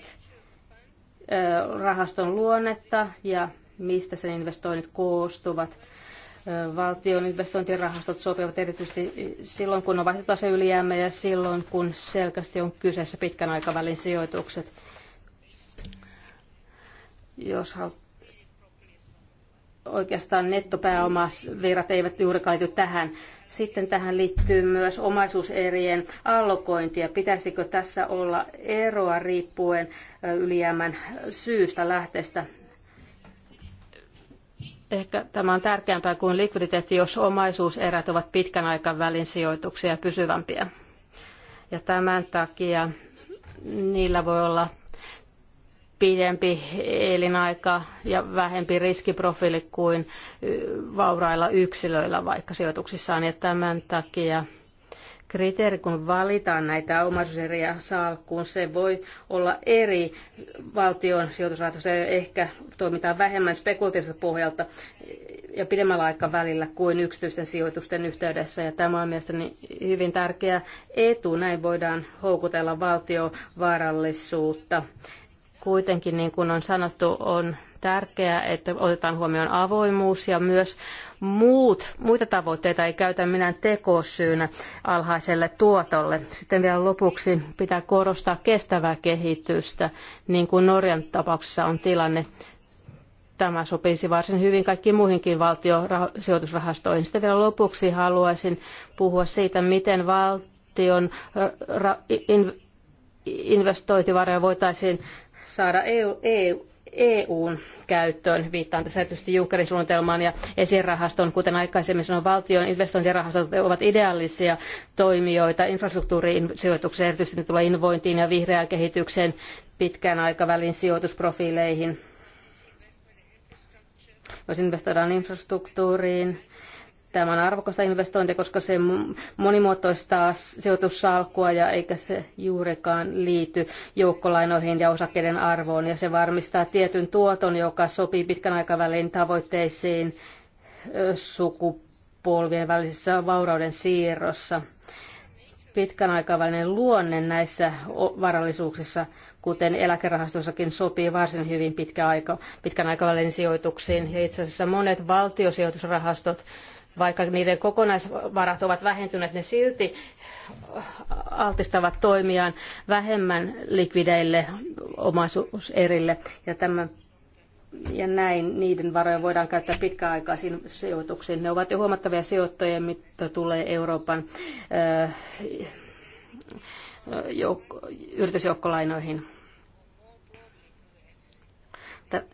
rahaston luonnetta ja mistä sen investoinnit koostuvat. Valtion investointirahastot sopivat erityisesti silloin, kun on vaihtotase ylijäämä ja silloin, kun selkeästi on kyseessä pitkän aikavälin sijoitukset. Jos haluat oikeastaan nettopääomavirrat eivät juurikaan liity tähän. Sitten tähän liittyy myös omaisuuserien allokointi ja pitäisikö tässä olla eroa riippuen ylijäämän syystä lähteestä. Ehkä tämä on tärkeämpää kuin likviditeetti, jos omaisuuserät ovat pitkän aikavälin sijoituksia ja pysyvämpiä. Ja tämän takia niillä voi olla pidempi elinaika ja vähempi riskiprofiili kuin vaurailla yksilöillä vaikka sijoituksissaan. Ja tämän takia kriteeri, kun valitaan näitä omaisuuseriä salkkuun, se voi olla eri valtion sijoitusrahastossa. Ehkä toimitaan vähemmän spekulatiivisesta pohjalta ja pidemmällä aikavälillä kuin yksityisten sijoitusten yhteydessä. Ja tämä on mielestäni hyvin tärkeä etu. Näin voidaan houkutella valtiovaarallisuutta Kuitenkin, niin kuin on sanottu, on tärkeää, että otetaan huomioon avoimuus ja myös muut, muita tavoitteita ei käytä minä tekosyynä alhaiselle tuotolle. Sitten vielä lopuksi pitää korostaa kestävää kehitystä, niin kuin Norjan tapauksessa on tilanne. Tämä sopisi varsin hyvin kaikkiin muihinkin valtiosijoitusrahastoihin. Sitten vielä lopuksi haluaisin puhua siitä, miten valtion äh, investointivaroja voitaisiin saada EU, EU, EUn käyttöön. Viittaan tässä erityisesti Junckerin suunnitelmaan ja esirahaston, kuten aikaisemmin sanoin, valtion investointirahastot ovat ideaalisia toimijoita infrastruktuuriin sijoitukseen, erityisesti tulee innovointiin ja vihreään kehitykseen, pitkän aikavälin sijoitusprofiileihin. Jos investoidaan infrastruktuuriin, Tämä on arvokasta investointia, koska se monimuotoistaa sijoitussalkkua ja eikä se juurikaan liity joukkolainoihin ja osakkeiden arvoon. Ja se varmistaa tietyn tuoton, joka sopii pitkän aikavälin tavoitteisiin sukupolvien välisessä vaurauden siirrossa pitkän aikavälinen luonne näissä varallisuuksissa, kuten eläkerahastossakin, sopii varsin hyvin pitkä aika, pitkän aikavälin sijoituksiin. Ja itse asiassa monet valtiosijoitusrahastot vaikka niiden kokonaisvarat ovat vähentyneet, ne silti altistavat toimiaan vähemmän likvideille omaisuuserille. Ja tämän ja näin niiden varoja voidaan käyttää pitkäaikaisiin sijoituksiin. Ne ovat jo huomattavia sijoittajia, mitä tulee Euroopan ö, jouk- yritysjoukkolainoihin.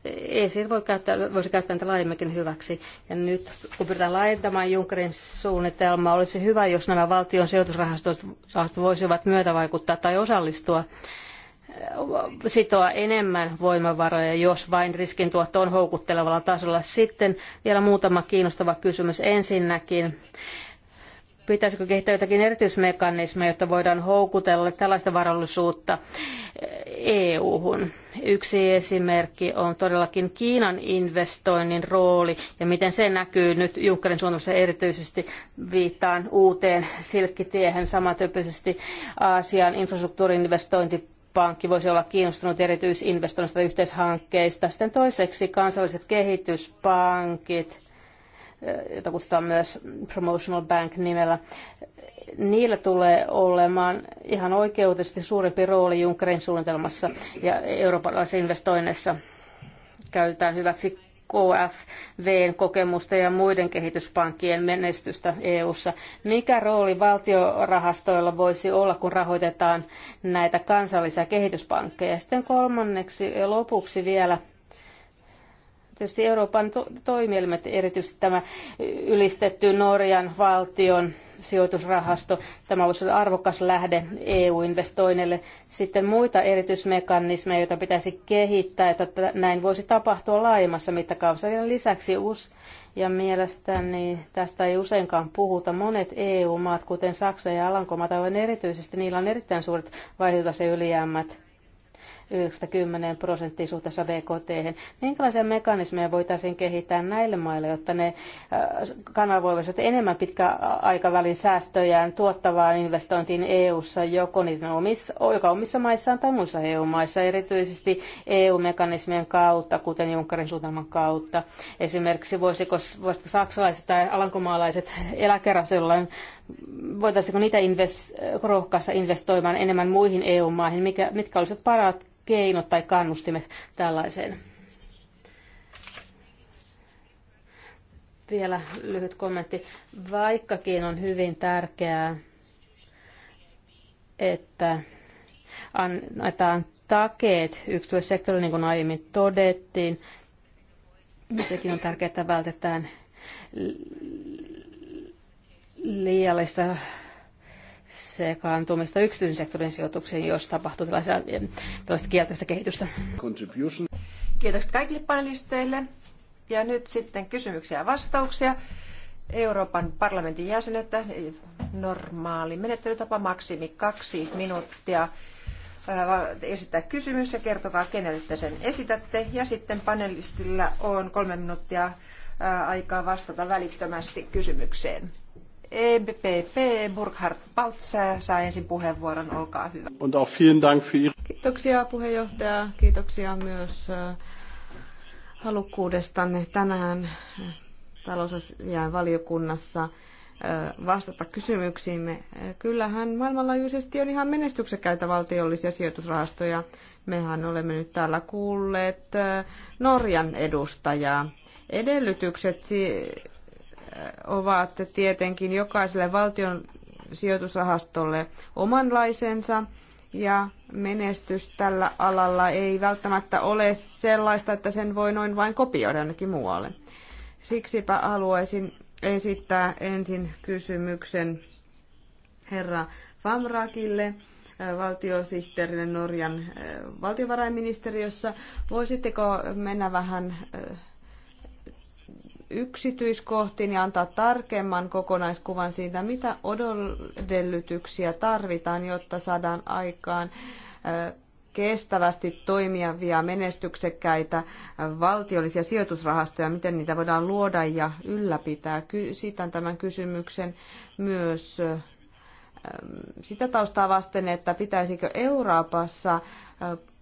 Ei voi käyttää, voisi käyttää niitä laajemminkin hyväksi. Ja nyt kun pyritään laajentamaan Junckerin suunnitelmaa, olisi hyvä, jos nämä valtion sijoitusrahastot voisivat myötävaikuttaa tai osallistua sitoa enemmän voimavaroja, jos vain tuotto on houkuttelevalla tasolla. Sitten vielä muutama kiinnostava kysymys. Ensinnäkin pitäisikö kehittää jotakin erityismekanismeja, jotta voidaan houkutella tällaista varallisuutta eh, EU-hun. Yksi esimerkki on todellakin Kiinan investoinnin rooli ja miten se näkyy nyt Junckerin suunnassa erityisesti viittaan uuteen silkkitiehen samantyyppisesti Aasian infrastruktuurinvestointi pankki voisi olla kiinnostunut erityisinvestoinnista yhteishankkeista. Sitten toiseksi kansalliset kehityspankit jota kutsutaan myös Promotional Bank nimellä. Niillä tulee olemaan ihan oikeutetusti suurempi rooli Junckerin suunnitelmassa ja eurooppalaisissa investoinneissa käytetään hyväksi KFVn kokemusta ja muiden kehityspankkien menestystä EU:ssa. Mikä rooli valtiorahastoilla voisi olla, kun rahoitetaan näitä kansallisia kehityspankkeja? Sitten kolmanneksi ja lopuksi vielä tietysti Euroopan to- toimielimet, erityisesti tämä ylistetty Norjan valtion sijoitusrahasto, tämä olisi arvokas lähde eu investoinnille Sitten muita erityismekanismeja, joita pitäisi kehittää, että näin voisi tapahtua laajemmassa mittakaavassa. Ja lisäksi us ja mielestäni tästä ei useinkaan puhuta. Monet EU-maat, kuten Saksa ja Alankomaat, aivan erityisesti, niillä on erittäin suuret ylijäämät 90 prosenttia suhteessa BKT. -hän. Minkälaisia mekanismeja voitaisiin kehittää näille maille, jotta ne äh, kanavoivat enemmän pitkäaikavälin säästöjään tuottavaan investointiin EU-ssa, joko niiden omissa, joka omissa maissaan tai muissa EU-maissa, erityisesti EU-mekanismien kautta, kuten Junckerin suunnitelman kautta. Esimerkiksi voisiko, voisiko saksalaiset tai alankomaalaiset eläkerastoilla voitaisiinko niitä invest- rohkaista investoimaan enemmän muihin EU-maihin? Mikä, mitkä olisivat parat keinot tai kannustimet tällaiseen? Vielä lyhyt kommentti. Vaikkakin on hyvin tärkeää, että annetaan takeet yksityissektorille, niin kuin aiemmin todettiin, sekin on tärkeää, että vältetään liiallista sekaantumista yksityisen sektorin sijoituksiin, jos tapahtuu tällaista, tällaista kielteistä kehitystä. Kiitokset kaikille panelisteille. Ja nyt sitten kysymyksiä ja vastauksia. Euroopan parlamentin jäsenet, eh, normaali menettelytapa, maksimi kaksi minuuttia esittää kysymys ja kertokaa kenelle te sen esitätte. Ja sitten panelistilla on kolme minuuttia aikaa vastata välittömästi kysymykseen. EBPP Burkhard Paltsä saa ensin puheenvuoron, olkaa hyvä. Und auch vielen Dank für ihre... Kiitoksia puheenjohtaja, kiitoksia myös äh, halukkuudestanne tänään äh, talousasian valiokunnassa äh, vastata kysymyksiimme. Kyllähän maailmanlaajuisesti on ihan menestyksekkäitä valtiollisia sijoitusrahastoja. Mehän olemme nyt täällä kuulleet Norjan edustajaa. Edellytykset ovat tietenkin jokaiselle valtion sijoitusrahastolle omanlaisensa ja menestys tällä alalla ei välttämättä ole sellaista, että sen voi noin vain kopioida jonnekin muualle. Siksipä haluaisin esittää ensin kysymyksen herra Famrakille, valtiosihteerille Norjan eh, valtiovarainministeriössä. Voisitteko mennä vähän eh, yksityiskohtiin ja antaa tarkemman kokonaiskuvan siitä, mitä ododellytyksiä tarvitaan, jotta saadaan aikaan kestävästi toimivia, menestyksekkäitä valtiollisia sijoitusrahastoja, miten niitä voidaan luoda ja ylläpitää. Esitän tämän kysymyksen myös sitä taustaa vasten, että pitäisikö Euroopassa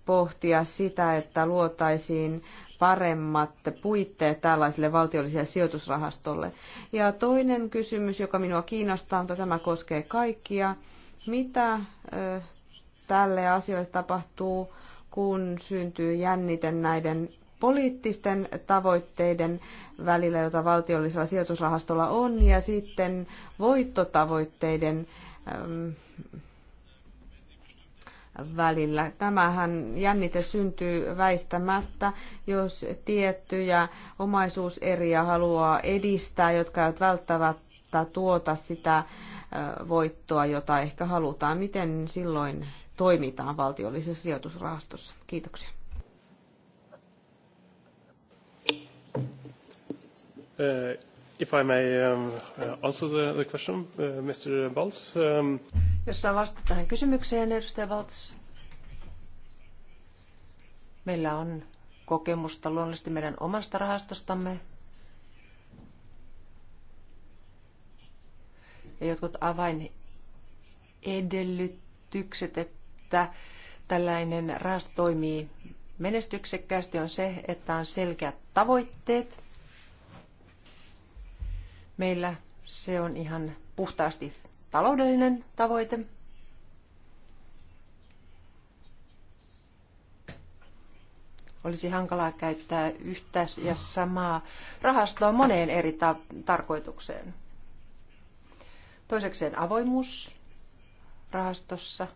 pohtia sitä, että luotaisiin paremmat puitteet tällaiselle valtiolliselle sijoitusrahastolle. Ja toinen kysymys, joka minua kiinnostaa, mutta tämä koskee kaikkia. Mitä tälle asialle tapahtuu, kun syntyy jännite näiden poliittisten tavoitteiden välillä, joita valtiollisella sijoitusrahastolla on, ja sitten voittotavoitteiden välillä. Tämähän jännite syntyy väistämättä, jos tiettyjä omaisuuseriä haluaa edistää, jotka eivät välttämättä tuota sitä voittoa, jota ehkä halutaan. Miten silloin toimitaan valtiollisessa sijoitusrahastossa? Kiitoksia. Öö If I may um, uh, answer the, question, uh, Mr. Balz. Um, Jos saan vastata tähän kysymykseen, edustaja Balz. Meillä on kokemusta luonnollisesti meidän omasta rahastostamme. Ja jotkut avainedellytykset, että tällainen rahasto toimii menestyksekkäästi, on se, että on selkeät tavoitteet – Meillä se on ihan puhtaasti taloudellinen tavoite. Olisi hankalaa käyttää yhtä ja samaa rahastoa moneen eri ta- tarkoitukseen. Toisekseen avoimuus rahastossa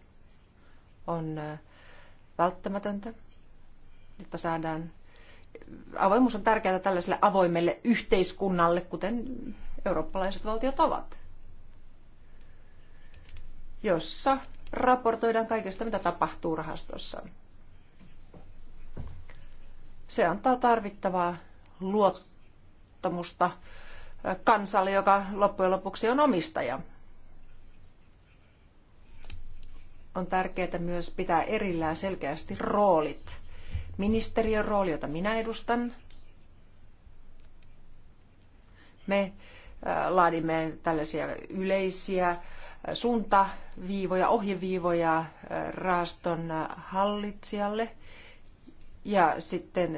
on äh, välttämätöntä, jotta saadaan. Avoimuus on tärkeää tällaiselle avoimelle yhteiskunnalle, kuten eurooppalaiset valtiot ovat, jossa raportoidaan kaikesta, mitä tapahtuu rahastossa. Se antaa tarvittavaa luottamusta kansalle, joka loppujen lopuksi on omistaja. On tärkeää myös pitää erillään selkeästi roolit. Ministeriön rooli, jota minä edustan. Me laadimme tällaisia yleisiä suuntaviivoja, ohjeviivoja rahaston hallitsijalle. Ja sitten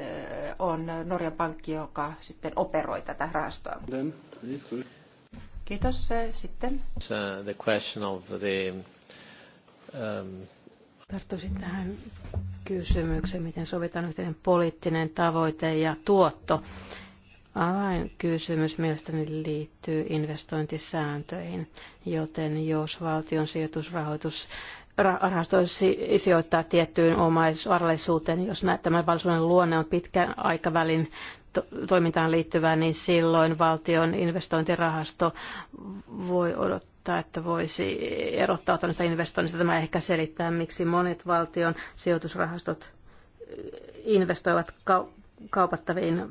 on Norjan pankki, joka sitten operoi tätä rahastoa. Kiitos. Sitten. Uh, the question of the, um... tähän kysymykseen, miten sovitaan yhteinen poliittinen tavoite ja tuotto. Avainkysymys mielestäni liittyy investointisääntöihin, joten jos valtion sijoitusrahoitus rahasto sijoittaa tiettyyn omaisuuteen, jos tämän valtuuden luonne on pitkän aikavälin toimintaan liittyvää, niin silloin valtion investointirahasto voi odottaa, että voisi erottaa tällaista investoinnista. Tämä ehkä selittää, miksi monet valtion sijoitusrahastot investoivat kaupattaviin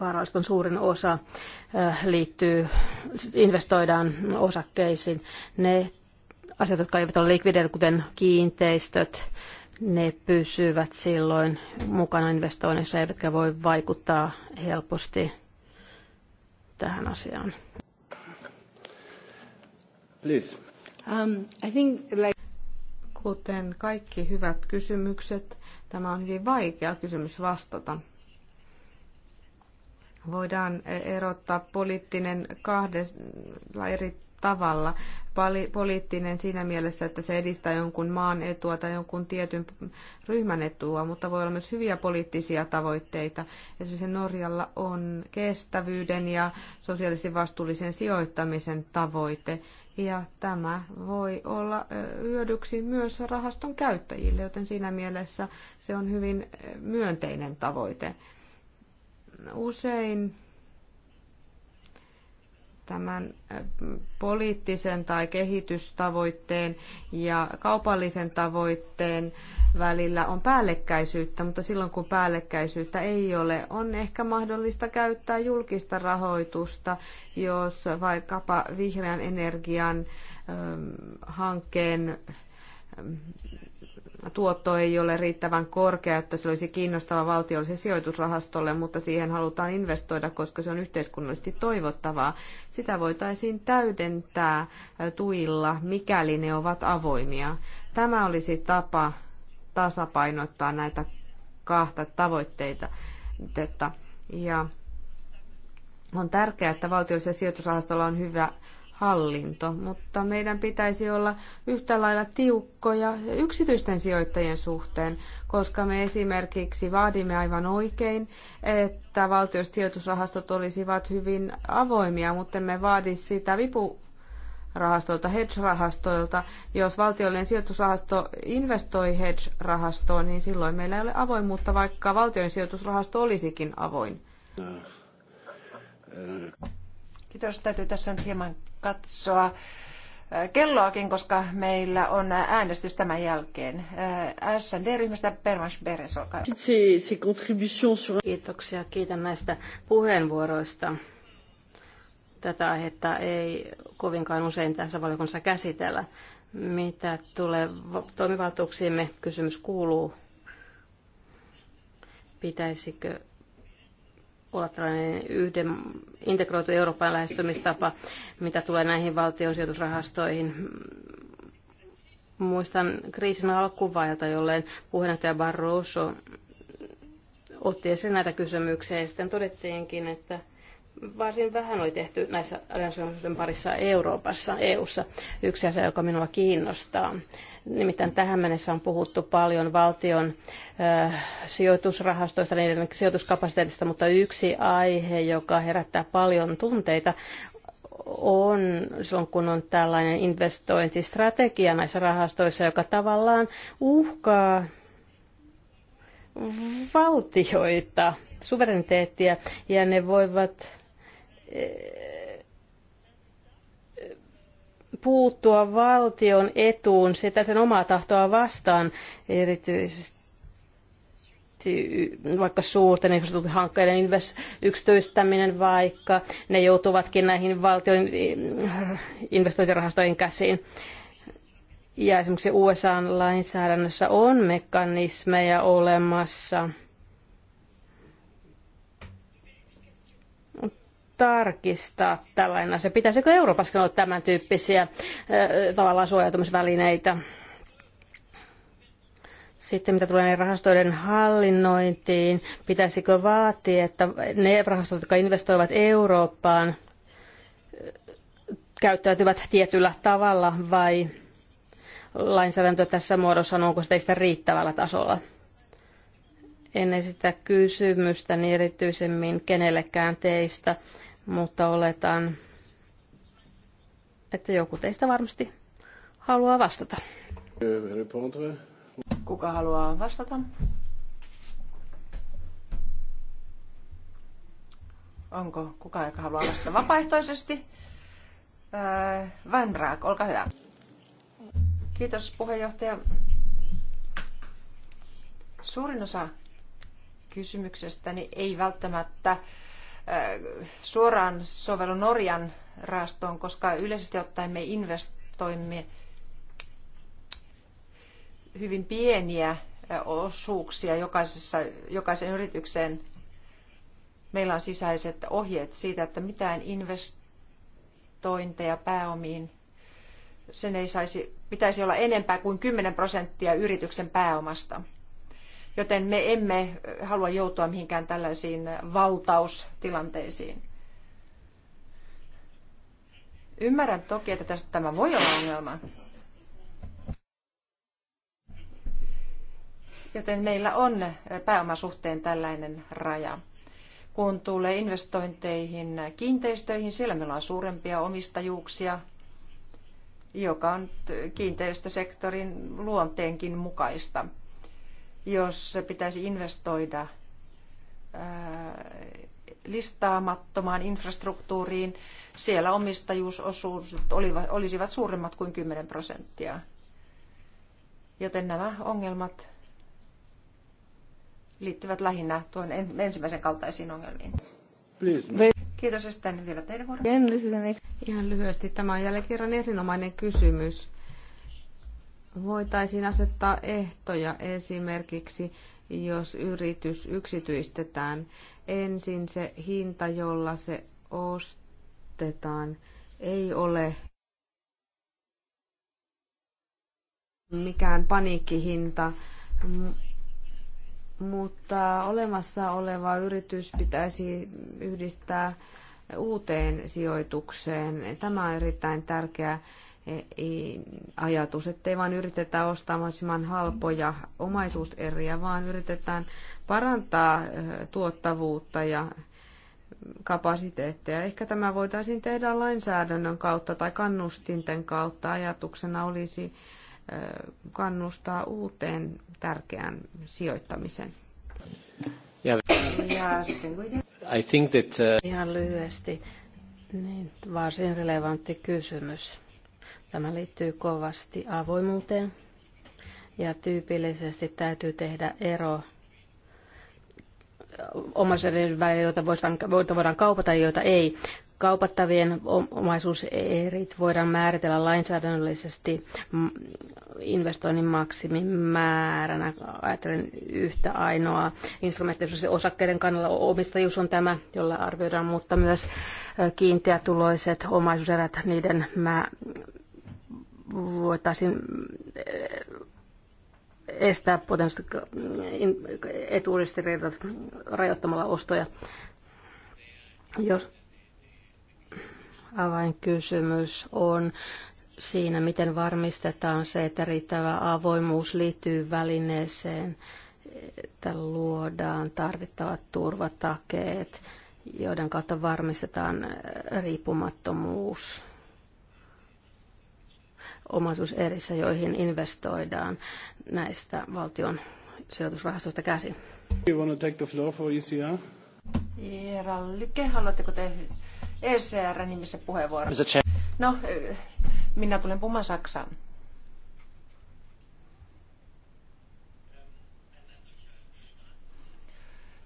varalliston suurin osa äh, liittyy, investoidaan osakkeisiin. Ne asiat, jotka eivät ole likvideitä, kuten kiinteistöt, ne pysyvät silloin mukana investoinnissa, eivätkä voi vaikuttaa helposti tähän asiaan. Please. Um, I think like... Kuten kaikki hyvät kysymykset, tämä on hyvin vaikea kysymys vastata voidaan erottaa poliittinen kahdella eri tavalla. Pali- poliittinen siinä mielessä, että se edistää jonkun maan etua tai jonkun tietyn ryhmän etua, mutta voi olla myös hyviä poliittisia tavoitteita. Esimerkiksi Norjalla on kestävyyden ja sosiaalisesti vastuullisen sijoittamisen tavoite, ja tämä voi olla hyödyksi myös rahaston käyttäjille, joten siinä mielessä se on hyvin myönteinen tavoite. Usein tämän poliittisen tai kehitystavoitteen ja kaupallisen tavoitteen välillä on päällekkäisyyttä, mutta silloin kun päällekkäisyyttä ei ole, on ehkä mahdollista käyttää julkista rahoitusta, jos vaikkapa vihreän energian hankkeen tuotto ei ole riittävän korkea, että se olisi kiinnostava valtiolliselle sijoitusrahastolle, mutta siihen halutaan investoida, koska se on yhteiskunnallisesti toivottavaa. Sitä voitaisiin täydentää tuilla, mikäli ne ovat avoimia. Tämä olisi tapa tasapainottaa näitä kahta tavoitteita. Ja on tärkeää, että valtiollisella sijoitusrahastolla on hyvä hallinto, mutta meidän pitäisi olla yhtä lailla tiukkoja yksityisten sijoittajien suhteen, koska me esimerkiksi vaadimme aivan oikein, että valtiolliset olisivat hyvin avoimia, mutta me vaadi sitä vipu rahastoilta, hedge-rahastoilta. Jos valtiollinen sijoitusrahasto investoi hedge-rahastoon, niin silloin meillä ei ole avoimuutta, vaikka valtion sijoitusrahasto olisikin avoin. No. Äh. Kiitos. Täytyy tässä nyt hieman katsoa äh, kelloakin, koska meillä on äh, äänestys tämän jälkeen. Äh, SND-ryhmästä Permas Beres, olkaa hyvä. Kiitoksia, kiitän näistä puheenvuoroista. Tätä aihetta ei kovinkaan usein tässä valiokunnassa käsitellä. Mitä tulee toimivaltuuksiimme, kysymys kuuluu, pitäisikö olla tällainen yhden integroitu Euroopan lähestymistapa, mitä tulee näihin valtion Muistan kriisin alkuvailta, jolleen puheenjohtaja Barroso otti esille näitä kysymyksiä ja sitten todettiinkin, että varsin vähän oli tehty näissä rajaisuuksien parissa Euroopassa, EUssa. Yksi asia, joka minua kiinnostaa, Nimittäin tähän mennessä on puhuttu paljon valtion sijoitusrahastoista, niiden sijoituskapasiteetista, mutta yksi aihe, joka herättää paljon tunteita, on silloin, kun on tällainen investointistrategia näissä rahastoissa, joka tavallaan uhkaa valtioita, suvereniteettia, ja ne voivat puuttua valtion etuun sitä sen omaa tahtoa vastaan, erityisesti vaikka suurten infrastruktuurihankkeiden yksityistäminen vaikka, ne joutuvatkin näihin valtion investointirahastojen käsiin. Ja esimerkiksi USAn lainsäädännössä on mekanismeja olemassa – tarkistaa tällainen asia? Pitäisikö Euroopassa olla tämän tyyppisiä tavallaan suojautumisvälineitä? Sitten mitä tulee rahastoiden hallinnointiin, pitäisikö vaatia, että ne rahastot, jotka investoivat Eurooppaan, käyttäytyvät tietyllä tavalla vai lainsäädäntö tässä muodossa, onko sitä, riittävällä tasolla? En esitä niin erityisemmin kenellekään teistä, mutta oletan, että joku teistä varmasti haluaa vastata. Kuka haluaa vastata? Onko kuka, joka haluaa vastata vapaaehtoisesti? Äh, Van Raak, olkaa hyvä. Kiitos puheenjohtaja. Suurin osa kysymyksestäni ei välttämättä äh, suoraan sovellu Norjan rahastoon, koska yleisesti ottaen me investoimme hyvin pieniä äh, osuuksia jokaisessa, jokaisen yritykseen. Meillä on sisäiset ohjeet siitä, että mitään investointeja pääomiin sen ei saisi, pitäisi olla enempää kuin kymmenen prosenttia yrityksen pääomasta joten me emme halua joutua mihinkään tällaisiin valtaustilanteisiin. Ymmärrän toki, että tästä tämä voi olla ongelma. Joten meillä on pääomasuhteen tällainen raja. Kun tulee investointeihin kiinteistöihin, siellä meillä on suurempia omistajuuksia, joka on kiinteistösektorin luonteenkin mukaista jos pitäisi investoida äh, listaamattomaan infrastruktuuriin, siellä omistajuusosuudet olisivat suuremmat kuin 10 prosenttia. Joten nämä ongelmat liittyvät lähinnä tuon ensimmäisen kaltaisiin ongelmiin. Kiitos, ja sitten vielä teidän vuoro. Ihan lyhyesti. Tämä on jälleen kerran erinomainen kysymys voitaisiin asettaa ehtoja esimerkiksi, jos yritys yksityistetään. Ensin se hinta, jolla se ostetaan, ei ole mikään paniikkihinta, mutta olemassa oleva yritys pitäisi yhdistää uuteen sijoitukseen. Tämä on erittäin tärkeää ajatus, ettei vaan yritetä ostaa mahdollisimman halpoja omaisuuseriä, vaan yritetään parantaa tuottavuutta ja kapasiteetteja. Ehkä tämä voitaisiin tehdä lainsäädännön kautta tai kannustinten kautta. Ajatuksena olisi kannustaa uuteen tärkeään sijoittamiseen. I think that, uh... Ihan lyhyesti, niin, varsin relevantti kysymys. Tämä liittyy kovasti avoimuuteen ja tyypillisesti täytyy tehdä ero omaisuuden välillä, joita voidaan, voidaan kaupata ja joita ei. Kaupattavien omaisuuserit voidaan määritellä lainsäädännöllisesti investoinnin maksimimääränä. Ajattelen yhtä ainoa instrumenttisuus osakkeiden kannalla omistajuus on tämä, jolla arvioidaan, mutta myös kiinteätuloiset omaisuuserät, niiden mä, voitaisiin eh, estää potentiaaliset etuudistiriidat rajoittamalla ostoja. Jos avainkysymys on siinä, miten varmistetaan se, että riittävä avoimuus liittyy välineeseen, että luodaan tarvittavat turvatakeet, joiden kautta varmistetaan riippumattomuus omaisuuserissä, joihin investoidaan näistä valtion sijoitusrahastosta käsin. E Eera Lyke, haluatteko te ECR-nimissä puheenvuoron? No, minä tulen puhumaan Saksaan.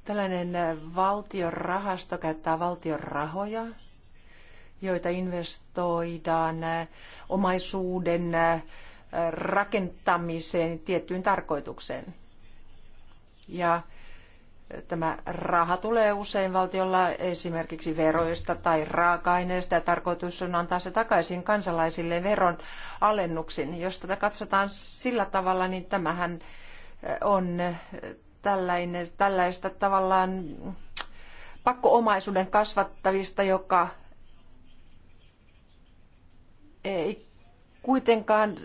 Tällainen valtion rahasto käyttää valtion rahoja joita investoidaan eh, omaisuuden eh, rakentamiseen tiettyyn tarkoitukseen. Ja eh, tämä raha tulee usein valtiolla esimerkiksi veroista tai raaka-aineista ja tarkoitus on antaa se takaisin kansalaisille veron alennuksin. Jos tätä katsotaan sillä tavalla, niin tämähän on tällainen, tällaista tavallaan mm, pakkoomaisuuden kasvattavista joka ei kuitenkaan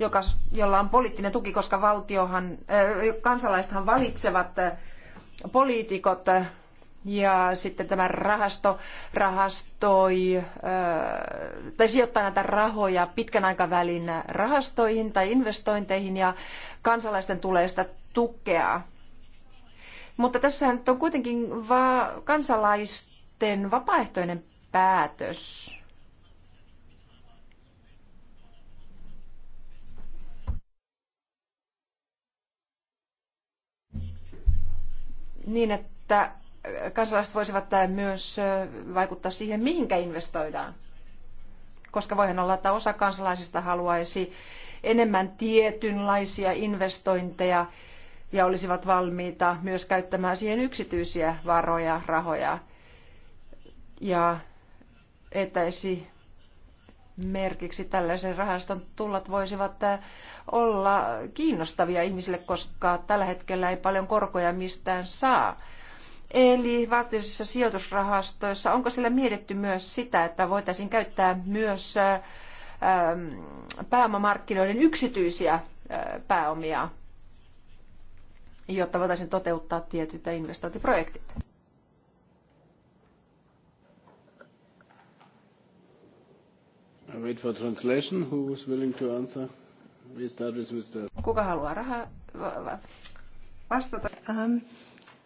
joka, jolla on poliittinen tuki, koska valtiohan, kansalaisethan valitsevat poliitikot ja sitten tämä rahasto rahastoi tai sijoittaa näitä rahoja pitkän aikavälin rahastoihin tai investointeihin ja kansalaisten tulee sitä tukea. Mutta tässä nyt on kuitenkin va- kansalaisten vapaaehtoinen päätös. Niin, että äh, kansalaiset voisivat äh, myös äh, vaikuttaa siihen, mihinkä investoidaan. Koska voihan olla, että osa kansalaisista haluaisi enemmän tietynlaisia investointeja, ja olisivat valmiita myös käyttämään siihen yksityisiä varoja, rahoja ja etäisi merkiksi tällaisen rahaston tullat voisivat äh, olla kiinnostavia ihmisille, koska tällä hetkellä ei paljon korkoja mistään saa. Eli valtiollisissa sijoitusrahastoissa, onko siellä mietitty myös sitä, että voitaisiin käyttää myös äh, ähm, pääomamarkkinoiden yksityisiä äh, pääomia jotta voitaisiin toteuttaa tietyt investointiprojektit. Wait for translation. Who willing to answer? We start with Mr. Kuka haluaa rahaa vastata? Um,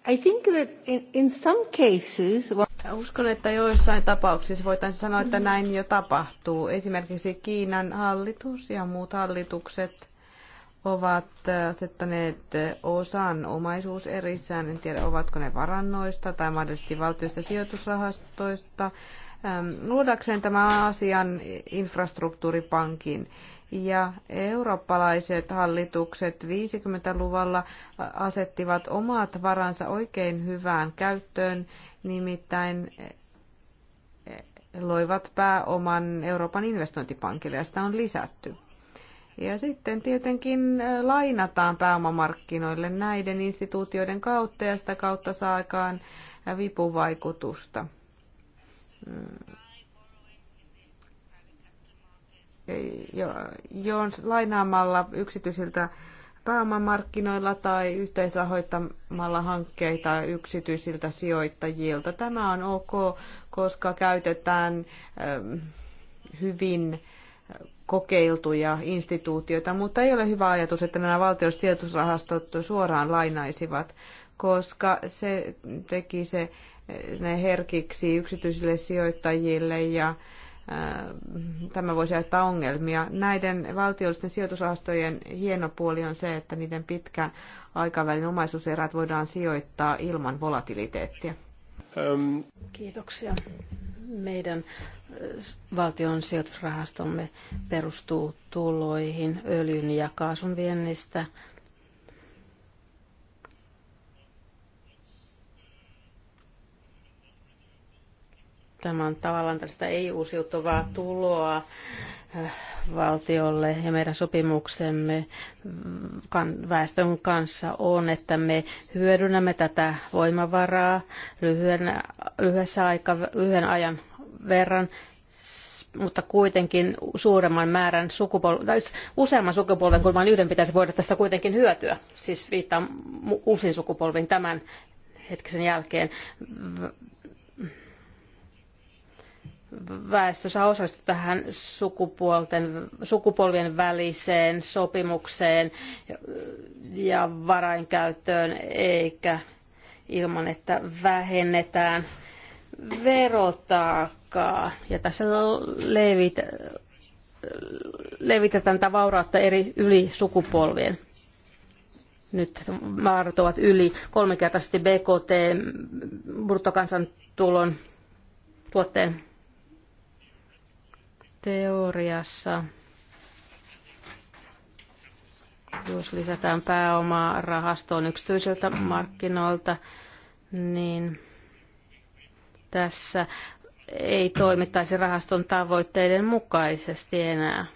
I think that in, in some cases... Uskon, että joissain tapauksissa voitaisiin sanoa, että mhm. näin jo tapahtuu. Esimerkiksi Kiinan hallitus ja muut hallitukset ovat asettaneet osan omaisuuserissään, en tiedä ovatko ne varannoista tai mahdollisesti valtioista sijoitusrahastoista, ähm, luodakseen tämän asian infrastruktuuripankin. Ja eurooppalaiset hallitukset 50-luvulla äh, asettivat omat varansa oikein hyvään käyttöön, nimittäin äh, loivat pääoman Euroopan investointipankille ja sitä on lisätty. Ja sitten tietenkin äh, lainataan pääomamarkkinoille näiden instituutioiden kautta ja sitä kautta saa aikaan äh, vipuvaikutusta. Mm. jo lainaamalla yksityisiltä pääomamarkkinoilla tai yhteisrahoittamalla hankkeita yksityisiltä sijoittajilta. Tämä on ok, koska käytetään ähm, hyvin kokeiltuja instituutioita, mutta ei ole hyvä ajatus, että nämä valtiolliset suoraan lainaisivat, koska se teki se ne herkiksi yksityisille sijoittajille ja äh, tämä voisi aiheuttaa ongelmia. Näiden valtiollisten sijoitusrahastojen hieno puoli on se, että niiden pitkän aikavälin omaisuuserät voidaan sijoittaa ilman volatiliteettia. Ähm, Kiitoksia. Meidän äh, valtion sijoitusrahastomme perustuu tuloihin öljyn ja kaasun viennistä Tämä on tavallaan tästä ei-uusiutuvaa tuloa äh, valtiolle ja meidän sopimuksemme väestön kanssa on, että me hyödynnämme tätä voimavaraa lyhyen, lyhyessä aika, lyhyen ajan verran mutta kuitenkin suuremman määrän sukupolven, tai useamman sukupolven kuin vain yhden pitäisi voida tästä kuitenkin hyötyä. Siis viittaan uusiin sukupolviin tämän hetkisen jälkeen väestönsä saa tähän sukupuolten, sukupolvien väliseen sopimukseen ja varainkäyttöön, eikä ilman, että vähennetään verotaakkaa. Ja tässä levitetään tätä vaurautta eri yli sukupolvien. Nyt vaarat ovat yli kolmikertaisesti BKT, bruttokansantulon tuotteen Teoriassa, jos lisätään pääomaa rahastoon yksityisiltä markkinoilta, niin tässä ei toimittaisi rahaston tavoitteiden mukaisesti enää.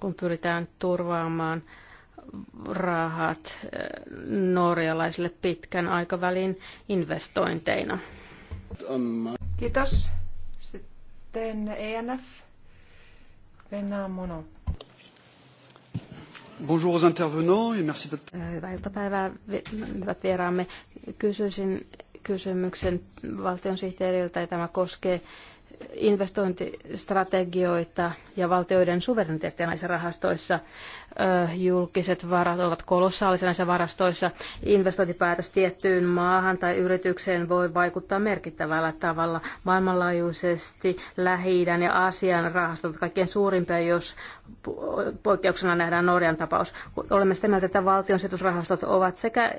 kun pyritään turvaamaan rahat eh, norjalaisille pitkän aikavälin investointeina. Kiitos. Sitten ENF. Venna Mono. Bonjour aux intervenants et merci d'être... Äh, hyvää iltapäivää, hyvät vieraamme. Kysyisin kysymyksen valtionsihteeriltä, ja tämä koskee investointistrategioita ja valtioiden suvereniteettia näissä rahastoissa julkiset varat ovat kolossaalisia näissä varastoissa. Investointipäätös tiettyyn maahan tai yritykseen voi vaikuttaa merkittävällä tavalla maailmanlaajuisesti. lähi ja Aasian rahastot kaikkein suurimpia, jos poikkeuksena nähdään Norjan tapaus. Olemme sitä mieltä, että valtion sijoitusrahastot ovat sekä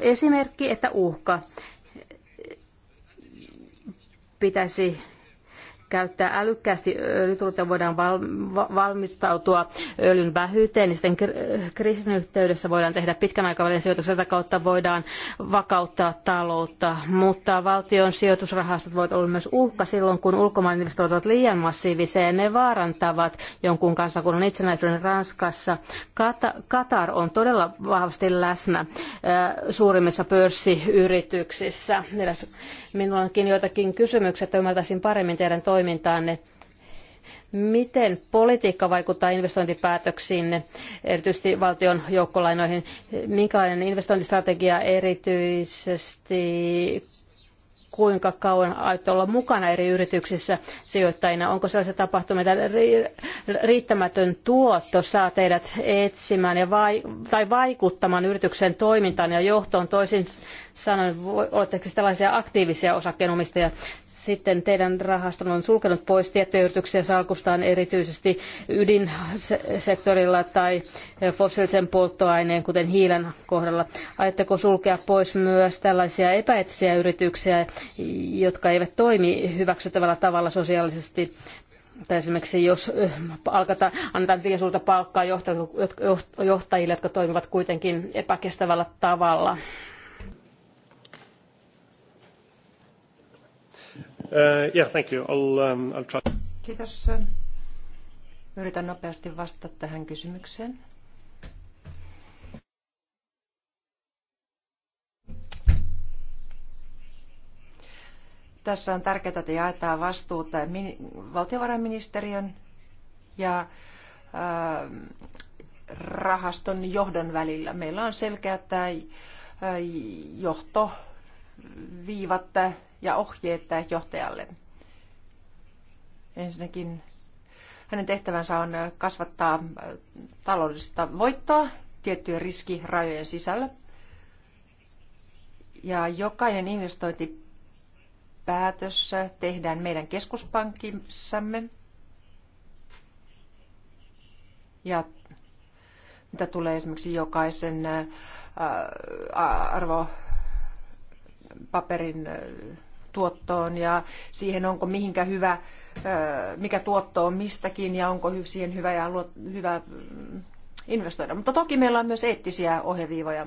esimerkki että uhka. Pitäisi käyttää älykkäästi öljytuotteita, voidaan valmistautua öljyn vähyyteen, niin sitten kriisin yhteydessä voidaan tehdä pitkän aikavälin sijoituksia, tätä kautta voidaan vakauttaa taloutta, mutta valtion sijoitusrahastot voivat olla myös uhka silloin, kun ulkomaan investoinnit ovat liian massiivisia ja ne vaarantavat jonkun kansakunnan itsenäisyyden Ranskassa. Katar on todella vahvasti läsnä suurimmissa pörssiyrityksissä. Minulla onkin joitakin kysymyksiä, että ymmärtäisin paremmin teidän toimintaa toimintaanne. Miten politiikka vaikuttaa investointipäätöksiinne, erityisesti valtion joukkolainoihin? Minkälainen investointistrategia erityisesti kuinka kauan aiotte olla mukana eri yrityksissä sijoittajina? Onko sellaisia tapahtumia, että riittämätön tuotto saa teidät etsimään ja vai, tai vaikuttamaan yrityksen toimintaan ja johtoon? Toisin sanoen, oletteko tällaisia aktiivisia osakkeenomistajia? sitten teidän rahaston on sulkenut pois tiettyjä yrityksiä salkustaan erityisesti ydinsektorilla tai fossiilisen polttoaineen, kuten hiilen kohdalla. Ajatteko sulkea pois myös tällaisia epäeettisiä yrityksiä, jotka eivät toimi hyväksyttävällä tavalla sosiaalisesti tai esimerkiksi jos äh, alkata, annetaan liian suurta palkkaa johtajille, jotka toimivat kuitenkin epäkestävällä tavalla. Uh, yeah, thank you. Um, I'll try. Kiitos. Yritän nopeasti vastata tähän kysymykseen. Tässä on tärkeää, että jaetaan vastuuta valtiovarainministeriön ja äh, rahaston johdon välillä. Meillä on selkeät äh, johtoviivat ja ohjeet johtajalle. Ensinnäkin hänen tehtävänsä on kasvattaa äh, taloudellista voittoa tiettyjen riskirajojen sisällä. Ja jokainen investointipäätös tehdään meidän keskuspankissamme. Ja mitä tulee esimerkiksi jokaisen äh, arvopaperin äh, tuottoon ja siihen, onko mihinkä hyvä, mikä tuotto on mistäkin ja onko siihen hyvä, ja hyvä mm, investoida. Mutta toki meillä on myös eettisiä ohjeviivoja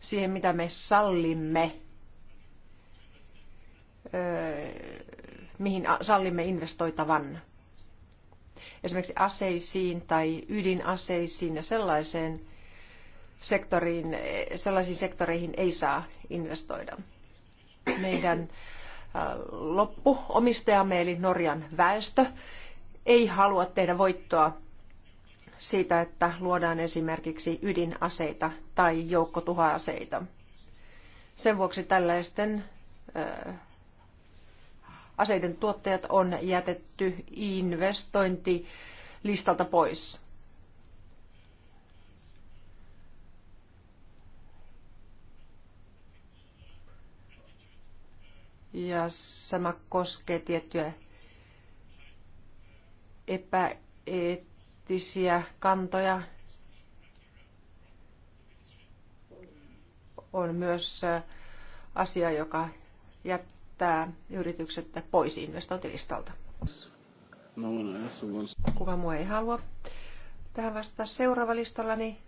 siihen, mitä me sallimme, mihin sallimme investoitavan. Esimerkiksi aseisiin tai ydinaseisiin ja sellaiseen sektoriin, sellaisiin sektoreihin ei saa investoida meidän äh, loppuomistajamme eli Norjan väestö ei halua tehdä voittoa siitä, että luodaan esimerkiksi ydinaseita tai joukkotuhoaseita. Sen vuoksi tällaisten äh, aseiden tuottajat on jätetty investointilistalta pois. ja sama koskee tiettyjä epäeettisiä kantoja. On myös asia, joka jättää yritykset pois investointilistalta. Kuka muu ei halua. Tähän vastaa seuraava listallani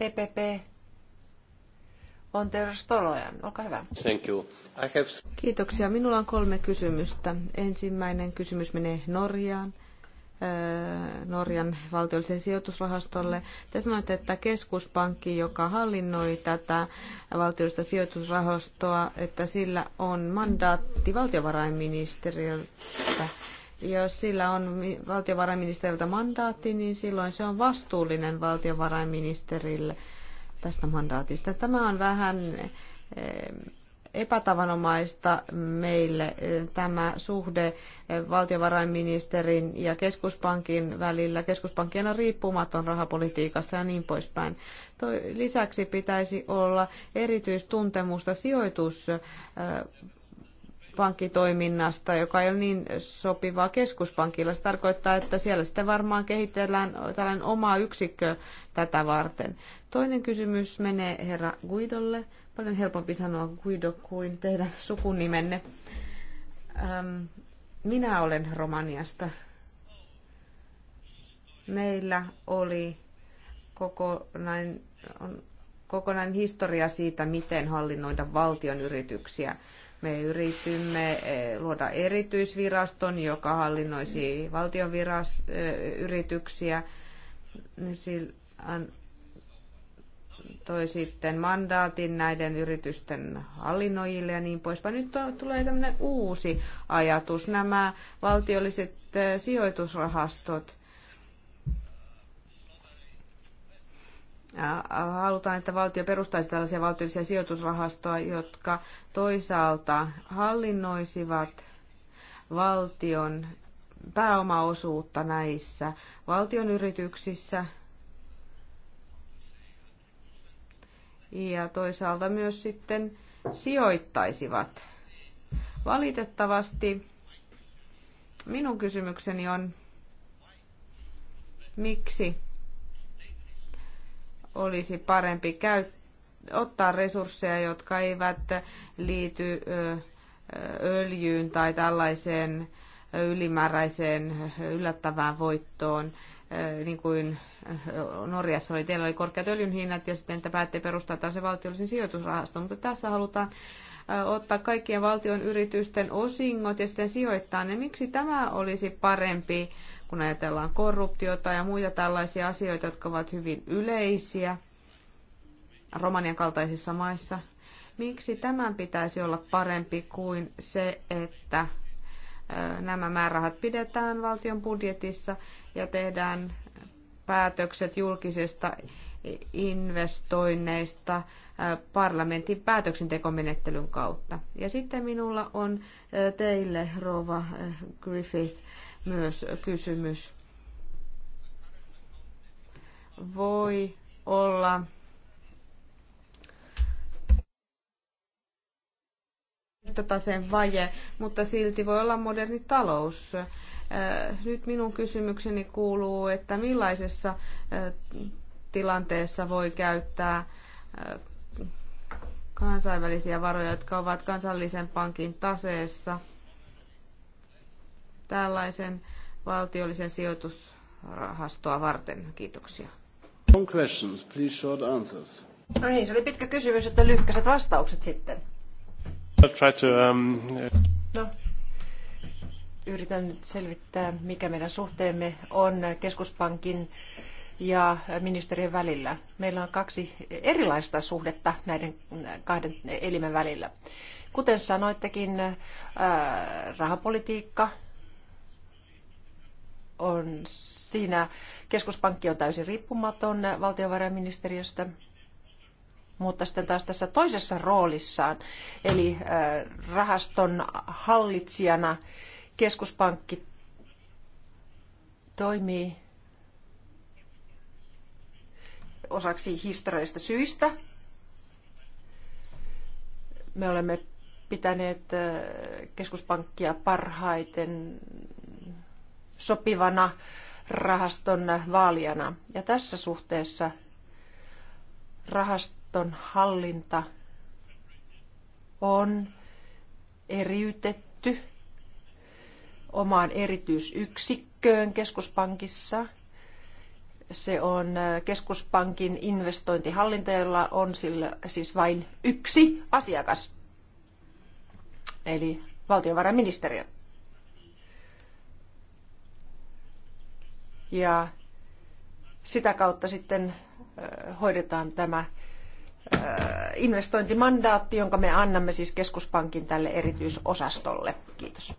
EPP Stolojan. Olkaa hyvä. Thank you. I have... Kiitoksia. Minulla on kolme kysymystä. Ensimmäinen kysymys menee Norjaan. Äh, Norjan valtiolliseen sijoitusrahastolle. Te sanoitte, että keskuspankki, joka hallinnoi tätä valtiollista sijoitusrahastoa, että sillä on mandaatti valtiovarainministeriöltä. Jos sillä on valtiovarainministeriöltä mandaatti, niin silloin se on vastuullinen valtiovarainministerille – tästä mandaatista. Tämä on vähän eh, epätavanomaista meille eh, tämä suhde eh, valtiovarainministerin ja keskuspankin välillä. Keskuspankkien on riippumaton rahapolitiikassa ja niin poispäin. Lisäksi pitäisi olla erityistuntemusta sijoitus pankkitoiminnasta, joka ei ole niin sopivaa keskuspankilla. Se tarkoittaa, että siellä sitten varmaan kehitellään tällainen oma yksikkö tätä varten. Toinen kysymys menee herra Guidolle. Paljon helpompi sanoa Guido kuin teidän sukunimenne. Ähm, minä olen Romaniasta. Meillä oli kokonainen, on kokonainen historia siitä, miten hallinnoida valtion yrityksiä. Me yritimme eh, luoda erityisviraston, joka hallinnoisi valtion viras, eh, yrityksiä. Sillä toi sitten mandaatin näiden yritysten hallinnoijille ja niin poispäin. Nyt tulee tämmöinen uusi ajatus, nämä valtiolliset eh, sijoitusrahastot. Äh, halutaan, että valtio perustaisi tällaisia valtiollisia sijoitusrahastoja, jotka toisaalta hallinnoisivat valtion pääomaosuutta näissä valtion yrityksissä ja toisaalta myös sitten sijoittaisivat. Valitettavasti minun kysymykseni on, miksi olisi parempi käy, ottaa resursseja, jotka eivät liity öljyyn tai tällaiseen ylimääräiseen yllättävään voittoon, niin kuin Norjassa oli, teillä oli korkeat öljyn hinnat ja sitten te päätte perustaa tällaisen valtiollisen sijoitusrahaston, mutta tässä halutaan ottaa kaikkien valtion yritysten osingot ja sitten sijoittaa ne. Miksi tämä olisi parempi kun ajatellaan korruptiota ja muita tällaisia asioita, jotka ovat hyvin yleisiä Romanian kaltaisissa maissa. Miksi tämän pitäisi olla parempi kuin se, että nämä määrärahat pidetään valtion budjetissa ja tehdään päätökset julkisista investoinneista parlamentin päätöksentekomenettelyn kautta. Ja sitten minulla on teille, Rova Griffith, myös kysymys. Voi olla vaihtotaseen vaje, mutta silti voi olla moderni talous. Nyt minun kysymykseni kuuluu, että millaisessa tilanteessa voi käyttää kansainvälisiä varoja, jotka ovat kansallisen pankin taseessa – tällaisen valtiollisen sijoitusrahastoa varten? Kiitoksia. Long questions, please short answers. No niin, se oli pitkä kysymys, että lyhkäiset vastaukset sitten. Um, no, yritän nyt selvittää, mikä meidän suhteemme on keskuspankin ja ministeriön välillä. Meillä on kaksi erilaista suhdetta näiden kahden elimen välillä. Kuten sanoittekin, äh, rahapolitiikka on siinä, keskuspankki on täysin riippumaton valtiovarainministeriöstä, mutta sitten taas tässä toisessa roolissaan, eli äh, rahaston hallitsijana keskuspankki toimii osaksi historiallisista syistä. Me olemme pitäneet äh, keskuspankkia parhaiten sopivana rahaston vaalijana. Ja tässä suhteessa rahaston hallinta on eriytetty omaan erityisyksikköön keskuspankissa. Se on keskuspankin investointihallinta, jolla on sillä siis vain yksi asiakas, eli valtiovarainministeriö. ja sitä kautta sitten hoidetaan tämä investointimandaatti, jonka me annamme siis keskuspankin tälle erityisosastolle. Kiitos.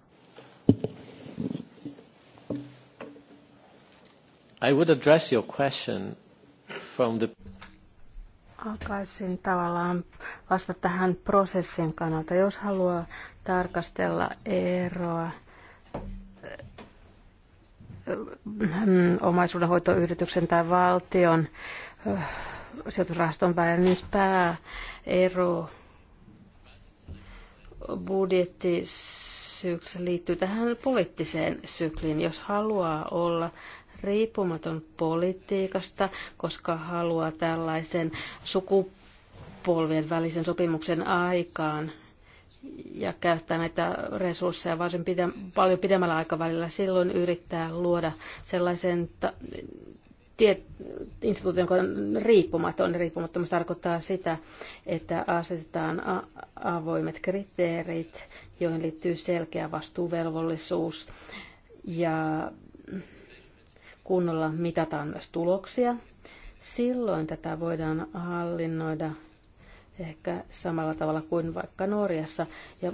I would address your question from the... Alkaisin tavallaan vasta tähän prosessin kannalta. Jos haluaa tarkastella eroa Äh, omaisuudenhoitoyrityksen tai valtion äh, sijoitusrahaston päälle, niin pääero budjettisyyksessä liittyy tähän poliittiseen sykliin. Jos haluaa olla riippumaton politiikasta, koska haluaa tällaisen sukupolvien välisen sopimuksen aikaan, ja käyttää näitä resursseja sen pidem- paljon pidemmällä aikavälillä. Silloin yrittää luoda sellaisen ta- tie- instituutin, joka on riippumaton. Riippumattomuus tarkoittaa sitä, että asetetaan avoimet kriteerit, joihin liittyy selkeä vastuuvelvollisuus ja kunnolla mitataan myös tuloksia. Silloin tätä voidaan hallinnoida ehkä samalla tavalla kuin vaikka Norjassa. Ja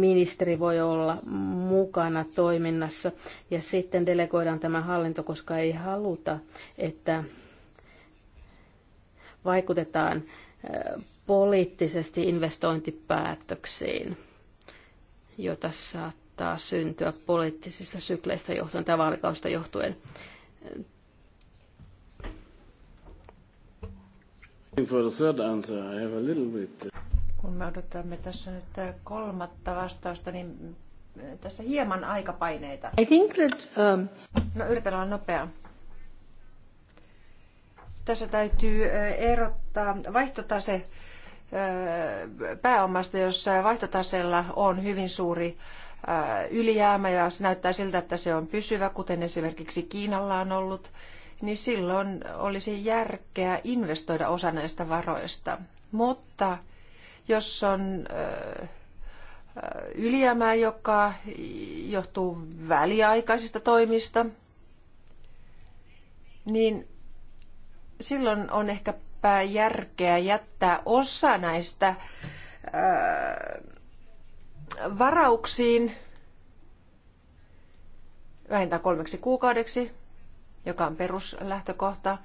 ministeri voi olla mukana toiminnassa ja sitten delegoidaan tämä hallinto, koska ei haluta, että vaikutetaan poliittisesti investointipäätöksiin, jota saattaa syntyä poliittisista sykleistä johtuen tai vaalikausta johtuen. Uh, Kun me odotamme tässä nyt äh, kolmatta vastausta, niin äh, tässä hieman aikapaineita. I think that, um... No yritän olla nopea. Tässä täytyy äh, erottaa vaihtotase pääomasta, jos vaihtotasella on hyvin suuri ylijäämä ja se näyttää siltä, että se on pysyvä, kuten esimerkiksi Kiinalla on ollut niin silloin olisi järkeä investoida osa näistä varoista. Mutta jos on ylijäämää, joka johtuu väliaikaisista toimista, niin silloin on ehkä järkeä jättää osa näistä varauksiin vähintään kolmeksi kuukaudeksi joka on peruslähtökohta,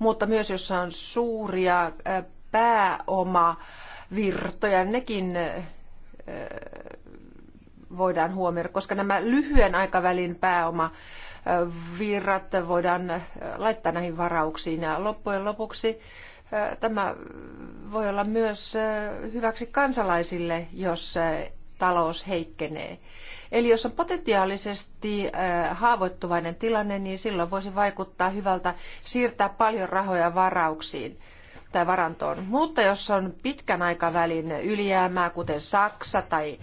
mutta myös jos on suuria pääomavirtoja, nekin voidaan huomioida, koska nämä lyhyen aikavälin pääomavirrat voidaan laittaa näihin varauksiin. Ja loppujen lopuksi tämä voi olla myös hyväksi kansalaisille, jos talous heikkenee. Eli jos on potentiaalisesti äh, haavoittuvainen tilanne, niin silloin voisi vaikuttaa hyvältä siirtää paljon rahoja varauksiin tai varantoon. Mutta jos on pitkän aikavälin ylijäämää, kuten Saksa tai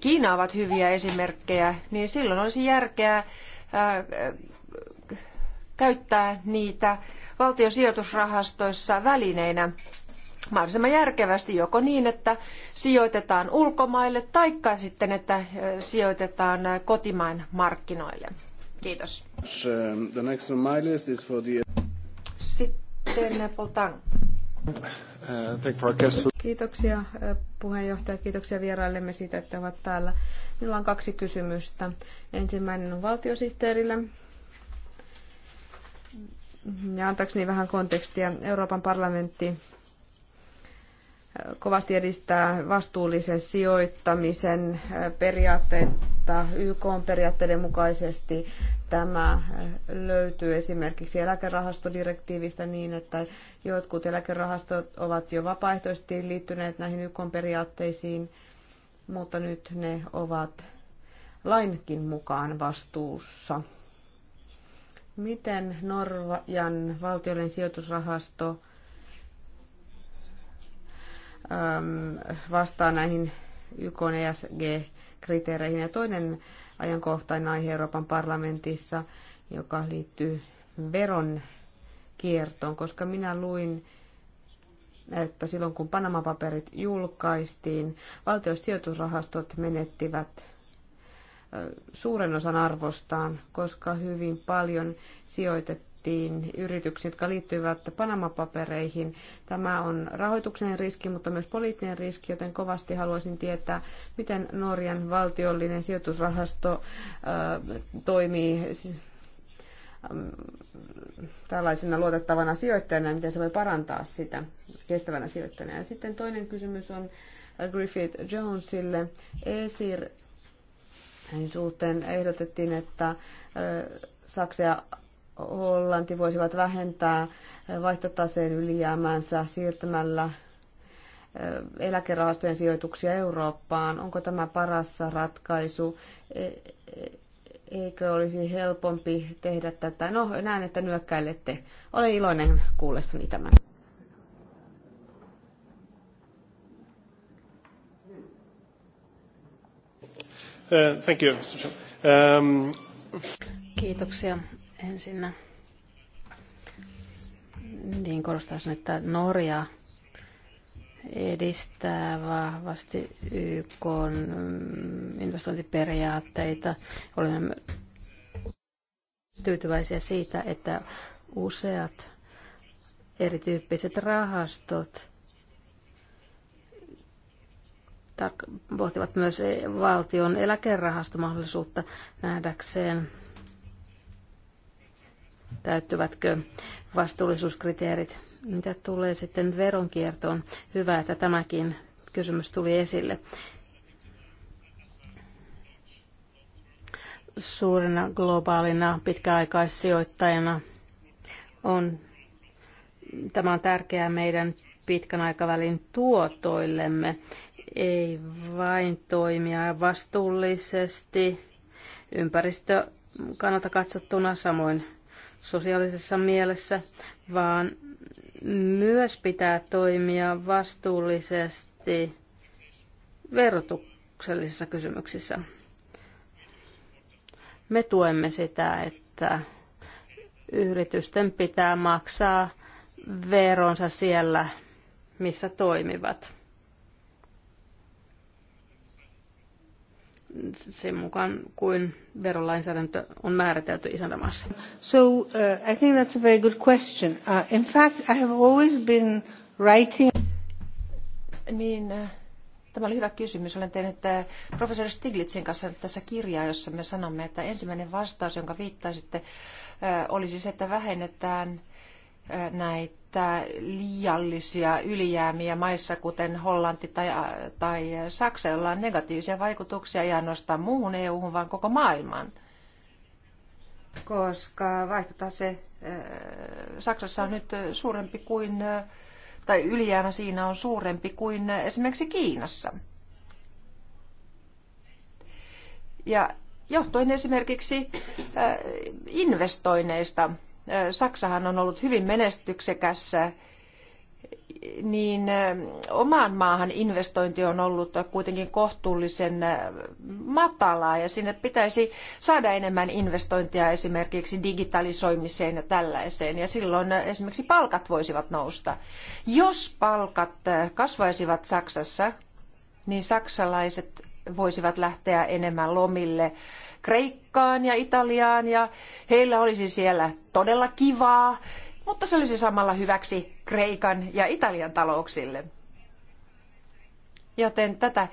Kiina ovat hyviä esimerkkejä, niin silloin olisi järkeä äh, käyttää niitä valtiosijoitusrahastoissa välineinä mahdollisimman järkevästi joko niin, että sijoitetaan ulkomaille tai sitten, että sijoitetaan kotimaan markkinoille. Kiitos. Sitten Poltang. Kiitoksia puheenjohtaja, kiitoksia vieraillemme siitä, että ovat täällä. Minulla on kaksi kysymystä. Ensimmäinen on valtiosihteerille. Ja antaakseni vähän kontekstia. Euroopan parlamentti kovasti edistää vastuullisen sijoittamisen periaatteita YK periaatteiden mukaisesti. Tämä äh, löytyy esimerkiksi eläkerahastodirektiivistä niin, että jotkut eläkerahastot ovat jo vapaaehtoisesti liittyneet näihin YK periaatteisiin, mutta nyt ne ovat lainkin mukaan vastuussa. Miten Norjan valtiollinen sijoitusrahasto Ähm, vastaa näihin YK ESG-kriteereihin. Ja toinen ajankohtainen aihe Euroopan parlamentissa, joka liittyy veron kiertoon, koska minä luin, että silloin kun Panama-paperit julkaistiin, valtiosijoitusrahastot menettivät äh, suuren osan arvostaan, koska hyvin paljon sijoitettiin tuettiin yrityksiä, jotka liittyivät Panama-papereihin. Tämä on rahoituksen riski, mutta myös poliittinen riski, joten kovasti haluaisin tietää, miten Norjan valtiollinen sijoitusrahasto toimii tällaisena luotettavana sijoittajana ja miten se voi parantaa sitä kestävänä sijoittajana. Ja sitten toinen kysymys on äh, Griffith Jonesille. ESIR suhteen ehdotettiin, että Saksa ja Hollanti voisivat vähentää vaihtotaseen ylijäämäänsä siirtämällä eh, eläkerahastojen sijoituksia Eurooppaan. Onko tämä paras ratkaisu? E-, e-, eikö olisi helpompi tehdä tätä? No, näen, että nyökkäilette. Olen iloinen kuullessani tämän. Eh, thank you. Um... Kiitoksia ensinnä. Niin korostaisin, että Norja edistää vahvasti YK mm, investointiperiaatteita. Olemme tyytyväisiä siitä, että useat erityyppiset rahastot pohtivat myös valtion eläkerahastomahdollisuutta nähdäkseen täyttyvätkö vastuullisuuskriteerit. Mitä tulee sitten veronkiertoon, hyvä, että tämäkin kysymys tuli esille. Suurena globaalina pitkäaikaissijoittajana on, tämä on tärkeää meidän pitkän aikavälin tuotoillemme, ei vain toimia vastuullisesti ympäristö kannalta katsottuna samoin sosiaalisessa mielessä, vaan myös pitää toimia vastuullisesti verotuksellisissa kysymyksissä. Me tuemme sitä, että yritysten pitää maksaa veronsa siellä, missä toimivat. sen mukaan kuin verolainsäädäntö on määritelty isäntämaassa? So uh, I think that's a very good question. Uh, in fact, I have always been writing... Niin, uh, Tämä oli hyvä kysymys. Olen tehnyt äh, professori Stiglitzin kanssa tässä kirjaa, jossa me sanomme, että ensimmäinen vastaus, jonka viittaisitte, äh, olisi se, että vähennetään näitä käyttää liiallisia ylijäämiä maissa, kuten Hollanti tai, tai Saksa, jolla on negatiivisia vaikutuksia ei ainoastaan muuhun EU-hun, vaan koko maailmaan. Koska vaihtotase Saksassa on nyt suurempi kuin, tai ylijäämä siinä on suurempi kuin esimerkiksi Kiinassa. Ja johtuen esimerkiksi investoinneista, Saksahan on ollut hyvin menestyksekäs, niin omaan maahan investointi on ollut kuitenkin kohtuullisen matalaa ja sinne pitäisi saada enemmän investointia esimerkiksi digitalisoimiseen ja tällaiseen ja silloin esimerkiksi palkat voisivat nousta. Jos palkat kasvaisivat Saksassa, niin saksalaiset voisivat lähteä enemmän lomille Kreikkaan ja Italiaan ja heillä olisi siellä todella kivaa, mutta se olisi samalla hyväksi Kreikan ja Italian talouksille. Joten tätä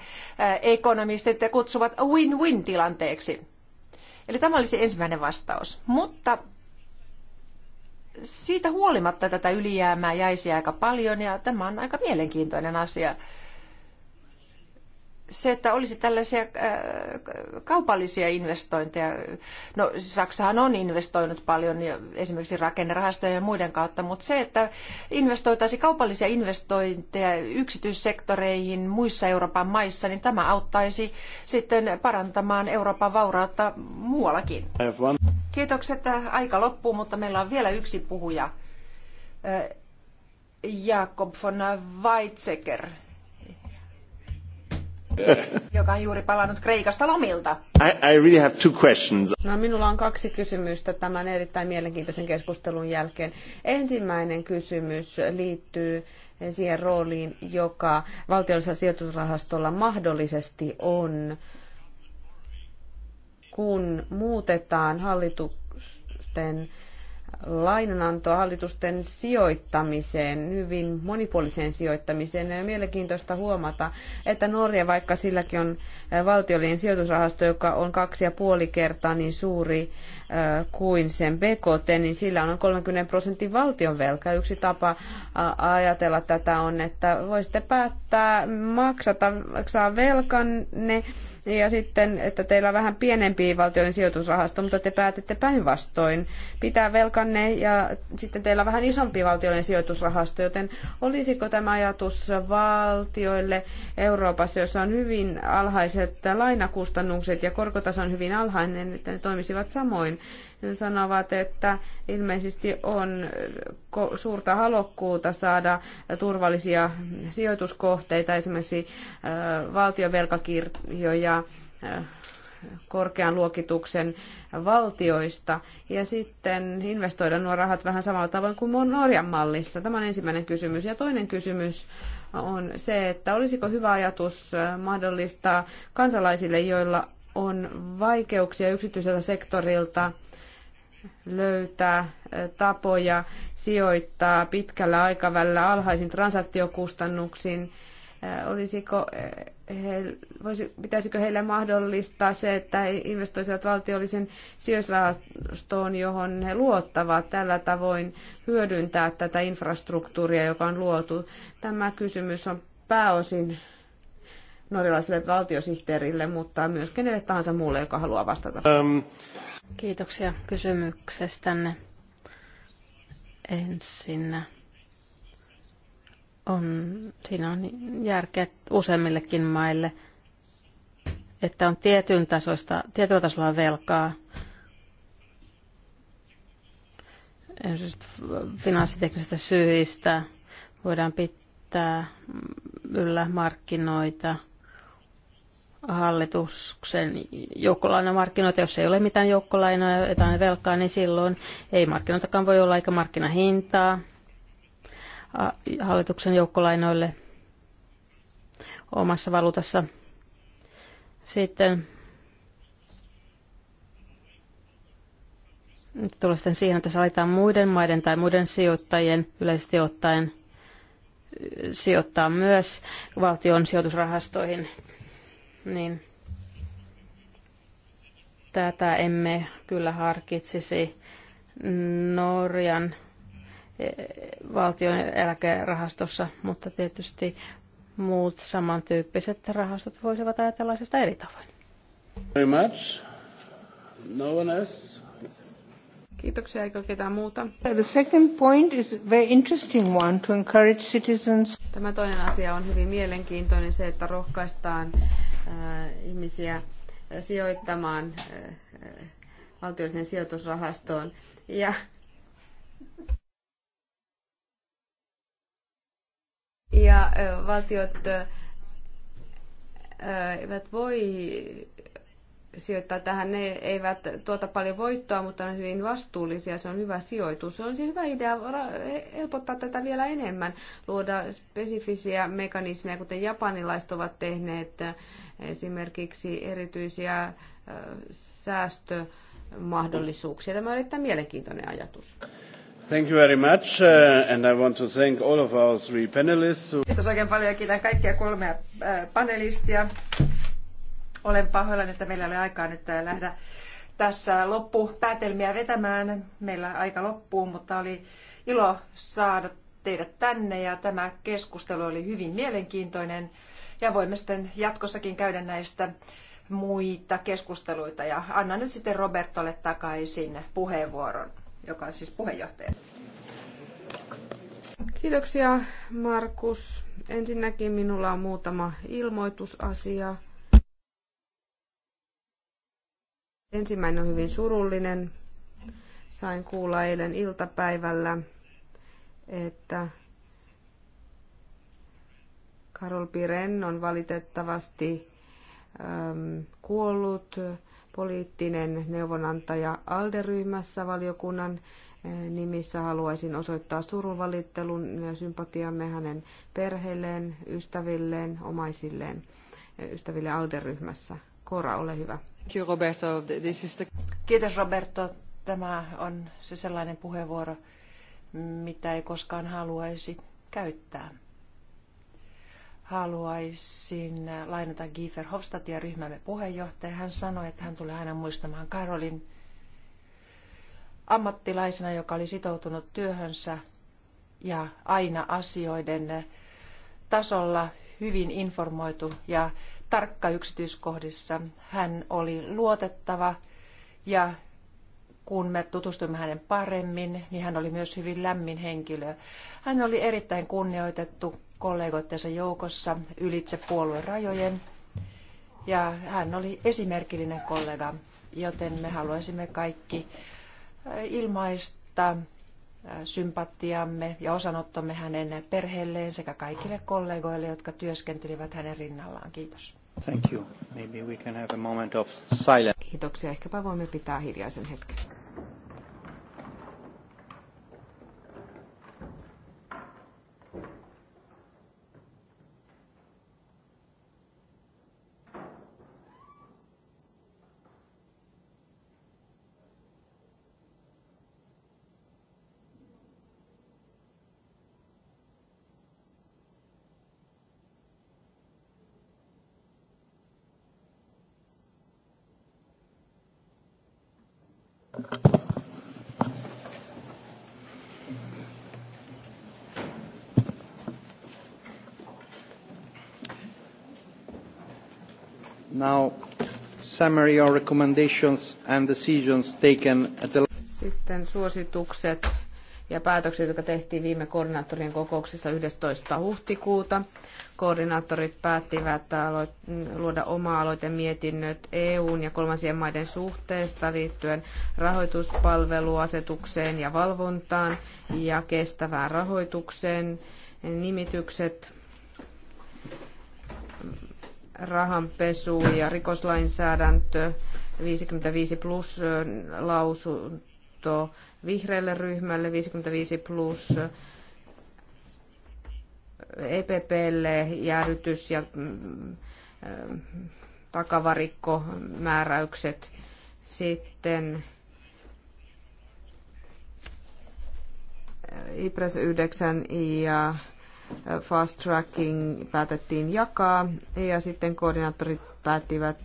ekonomistit kutsuvat win-win tilanteeksi. Eli tämä olisi ensimmäinen vastaus. Mutta siitä huolimatta tätä ylijäämää jäisi aika paljon ja tämä on aika mielenkiintoinen asia se, että olisi tällaisia äh, kaupallisia investointeja. No, Saksahan on investoinut paljon esimerkiksi rakennerahastojen ja muiden kautta, mutta se, että investoitaisi kaupallisia investointeja yksityissektoreihin muissa Euroopan maissa, niin tämä auttaisi sitten parantamaan Euroopan vaurautta muuallakin. Kiitokset. Aika loppuu, mutta meillä on vielä yksi puhuja. Äh, Jakob von Weizsäcker. joka on juuri palannut Kreikasta lomilta. I, I really have two questions. No, minulla on kaksi kysymystä tämän erittäin mielenkiintoisen keskustelun jälkeen. Ensimmäinen kysymys liittyy siihen rooliin, joka valtiollisella sijoitusrahastolla mahdollisesti on, kun muutetaan hallitusten lainanantoa hallitusten sijoittamiseen, hyvin monipuoliseen sijoittamiseen. Ja on mielenkiintoista huomata, että Norja, vaikka silläkin on valtiollinen sijoitusrahasto, joka on kaksi ja puoli kertaa niin suuri kuin sen BKT, niin sillä on 30 prosentin valtionvelka. Yksi tapa ajatella tätä on, että voisitte päättää maksata, maksaa velkanne ja sitten, että teillä on vähän pienempi valtioiden sijoitusrahasto, mutta te päätitte päinvastoin pitää velkanne ja sitten teillä on vähän isompi valtioiden sijoitusrahasto, joten olisiko tämä ajatus valtioille Euroopassa, jossa on hyvin alhaiset lainakustannukset ja korkotaso on hyvin alhainen, että ne toimisivat samoin? sanovat, että ilmeisesti on suurta halokkuuta saada turvallisia sijoituskohteita, esimerkiksi äh, valtiovelkakirjoja äh, korkean luokituksen valtioista ja sitten investoida nuo rahat vähän samalla tavoin kuin Norjan mallissa? Tämä on ensimmäinen kysymys. Ja toinen kysymys on se, että olisiko hyvä ajatus äh, mahdollistaa kansalaisille, joilla on vaikeuksia yksityiseltä sektorilta löytää tapoja sijoittaa pitkällä aikavälillä alhaisin transaktiokustannuksiin. Olisiko he, voisi, pitäisikö heille mahdollistaa se, että he investoisivat valtiollisen sijoisrahastoon, johon he luottavat tällä tavoin hyödyntää tätä infrastruktuuria, joka on luotu? Tämä kysymys on pääosin norjalaiselle valtiosihteerille, mutta myös kenelle tahansa muulle, joka haluaa vastata. Um. Kiitoksia kysymyksestänne. ensin on, siinä on järkeä useimmillekin maille, että on tietyn tasoista, tietyllä tasolla velkaa. finanssiteknisistä syistä voidaan pitää yllä markkinoita – hallituksen joukkolainamarkkinoita. Jos ei ole mitään joukkolainaa jotain velkaa, niin silloin ei markkinoitakaan voi olla eikä markkinahintaa hallituksen joukkolainoille omassa valuutassa. Sitten tulee sitten siihen, että salitaan muiden maiden tai muiden sijoittajien yleisesti ottaen sijoittaa myös valtion sijoitusrahastoihin niin tätä emme kyllä harkitsisi Norjan e, valtion eläkerahastossa, mutta tietysti muut samantyyppiset rahastot voisivat ajatella sitä eri tavoin. Very much. No one else. Kiitoksia, eikö ketään muuta? The second point is very interesting one to encourage citizens. Tämä toinen asia on hyvin mielenkiintoinen se, että rohkaistaan Äh, ihmisiä äh, sijoittamaan äh, valtiolliseen sijoitusrahastoon. Ja ja valtiot eivät voi sijoittaa tähän. Ne eivät tuota paljon voittoa, mutta on hyvin vastuullisia. Se on hyvä sijoitus. Se siis hyvä idea helpottaa tätä vielä enemmän, luoda spesifisiä mekanismeja, kuten japanilaiset ovat tehneet esimerkiksi erityisiä säästömahdollisuuksia. Tämä on erittäin mielenkiintoinen ajatus. Thank you very much, uh, and I want to thank all of our three panelists. Kiitos oikein paljon ja kiitän kaikkia kolmea äh, panelistia. Olen pahoillani, että meillä ei ole aikaa nyt äh, lähdä tässä loppupäätelmiä vetämään. Meillä aika loppuu, mutta oli ilo saada teidät tänne ja tämä keskustelu oli hyvin mielenkiintoinen ja voimme sitten jatkossakin käydä näistä muita keskusteluita ja annan nyt sitten Robertolle takaisin puheenvuoron, joka on siis puheenjohtaja. Kiitoksia Markus. Ensinnäkin minulla on muutama ilmoitusasia. Ensimmäinen on hyvin surullinen. Sain kuulla eilen iltapäivällä, että Karol Piren on valitettavasti ähm, kuollut poliittinen neuvonantaja alderyhmässä valiokunnan äh, nimissä haluaisin osoittaa surunvalittelun ja sympatiamme hänen perheelleen, ystävilleen, omaisilleen, äh, ystäville alderyhmässä. Kora, ole hyvä. Roberto. Kiitos Roberto. Tämä on se sellainen puheenvuoro, mitä ei koskaan haluaisi käyttää. Haluaisin lainata Giefer Hofstadia ryhmämme puheenjohtaja. Hän sanoi, että hän tulee aina muistamaan Karolin ammattilaisena, joka oli sitoutunut työhönsä ja aina asioiden tasolla hyvin informoitu ja tarkka yksityiskohdissa. Hän oli luotettava ja kun me tutustuimme hänen paremmin, niin hän oli myös hyvin lämmin henkilö. Hän oli erittäin kunnioitettu kollegoittensa joukossa ylitse puolueen rajojen. Ja hän oli esimerkillinen kollega, joten me haluaisimme kaikki äh, ilmaista äh, sympatiamme ja osanottomme hänen perheelleen sekä kaikille kollegoille, jotka työskentelivät hänen rinnallaan. Kiitos. Thank you. Maybe we can have a moment of silence. Kiitoksia. Ehkäpä voimme pitää hiljaisen hetken. Now, summary or recommendations and decisions taken at the... Sitten suositukset ja päätökset, jotka tehtiin viime koordinaattorien kokouksessa 11. huhtikuuta. Koordinaattorit päättivät luoda oma-aloitemietinnöt EUn ja kolmansien maiden suhteesta liittyen rahoituspalveluasetukseen ja valvontaan ja kestävään rahoitukseen. Nimitykset rahanpesu ja rikoslainsäädäntö 55 plus lausunto vihreälle ryhmälle 55 plus EPPlle jäädytys ja mm, takavarikkomääräykset. Sitten IPRES 9 ja fast tracking päätettiin jakaa ja sitten koordinaattorit päättivät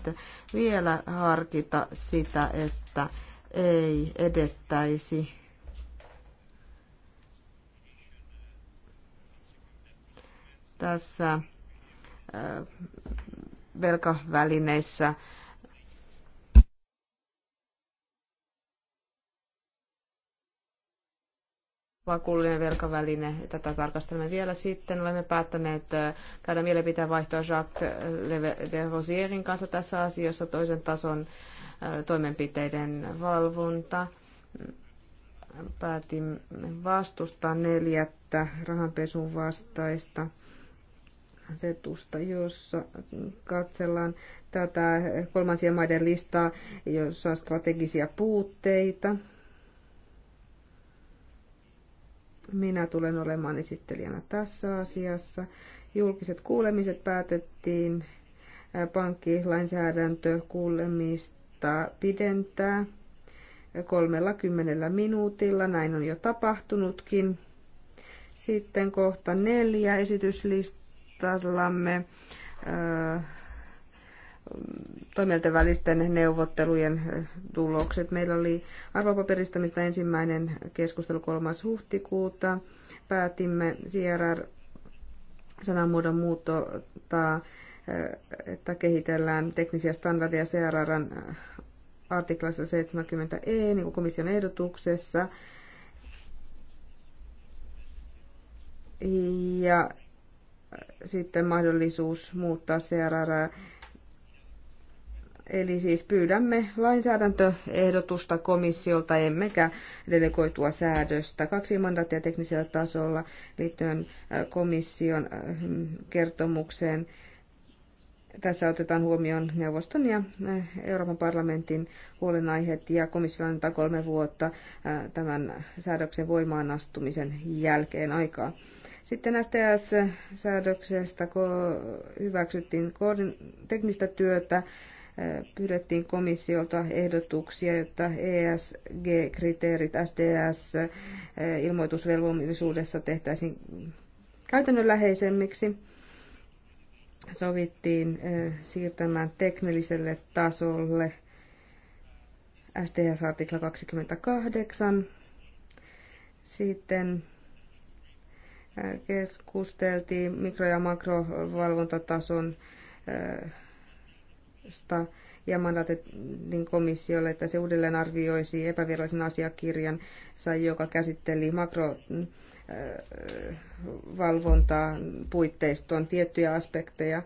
vielä harkita sitä, että ei edettäisi tässä äh, velkavälineissä vakuullinen velkaväline. Tätä tarkastelemme vielä sitten. Olemme päättäneet käydä mielipiteen vaihtoa Jacques de Rosierin kanssa tässä asiassa toisen tason toimenpiteiden valvonta. Päätimme vastustaa neljättä rahanpesun vastaista asetusta, jossa katsellaan tätä kolmansien maiden listaa, jossa on strategisia puutteita. Minä tulen olemaan esittelijänä tässä asiassa. Julkiset kuulemiset päätettiin kuulemista pidentää 30 minuutilla. Näin on jo tapahtunutkin. Sitten kohta neljä esityslistallamme toimijoiden välisten neuvottelujen tulokset. Meillä oli arvopaperistamista ensimmäinen keskustelu 3. huhtikuuta. Päätimme CRR sanamuodon muuttoa, että kehitellään teknisiä standardeja CRRn artiklassa 70e, niin kuin komission ehdotuksessa. Ja sitten mahdollisuus muuttaa CRR Eli siis pyydämme lainsäädäntöehdotusta komissiolta, emmekä delegoitua säädöstä. Kaksi mandaattia teknisellä tasolla liittyen komission kertomukseen. Tässä otetaan huomioon neuvoston ja Euroopan parlamentin huolenaiheet ja komissio antaa kolme vuotta tämän säädöksen voimaan astumisen jälkeen aikaa. Sitten STS-säädöksestä hyväksyttiin teknistä työtä pyydettiin komissiolta ehdotuksia, jotta ESG-kriteerit SDS-ilmoitusvelvollisuudessa eh, tehtäisiin käytännönläheisemmiksi. Sovittiin eh, siirtämään teknilliselle tasolle SDS-artikla 28. Sitten eh, keskusteltiin mikro- ja makrovalvontatason ehdotusta ja mandaatin komissiolle, että se uudelleen arvioisi epävirallisen asiakirjan, joka käsitteli makrovalvontaa äh, puitteiston tiettyjä aspekteja.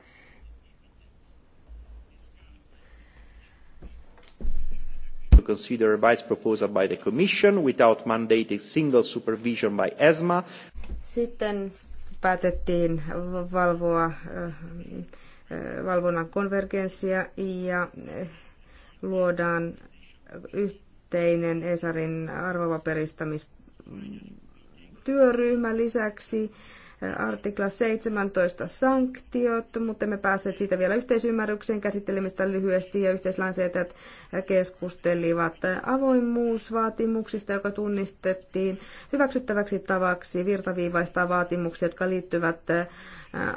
consider a revised proposal by the Commission without mandating single supervision by ESMA. Sitten päätettiin valvoa äh, Eh, valvonnan konvergenssia ja eh, luodaan yhteinen Esarin arvopaperistamistyöryhmä lisäksi eh, artikla 17 sanktiot, mutta me päässeet siitä vielä yhteisymmärrykseen, käsittelemistä lyhyesti ja yhteislainsäätäjät keskustelivat avoimuusvaatimuksista, joka tunnistettiin hyväksyttäväksi tavaksi virtaviivaistaa vaatimuksia, jotka liittyvät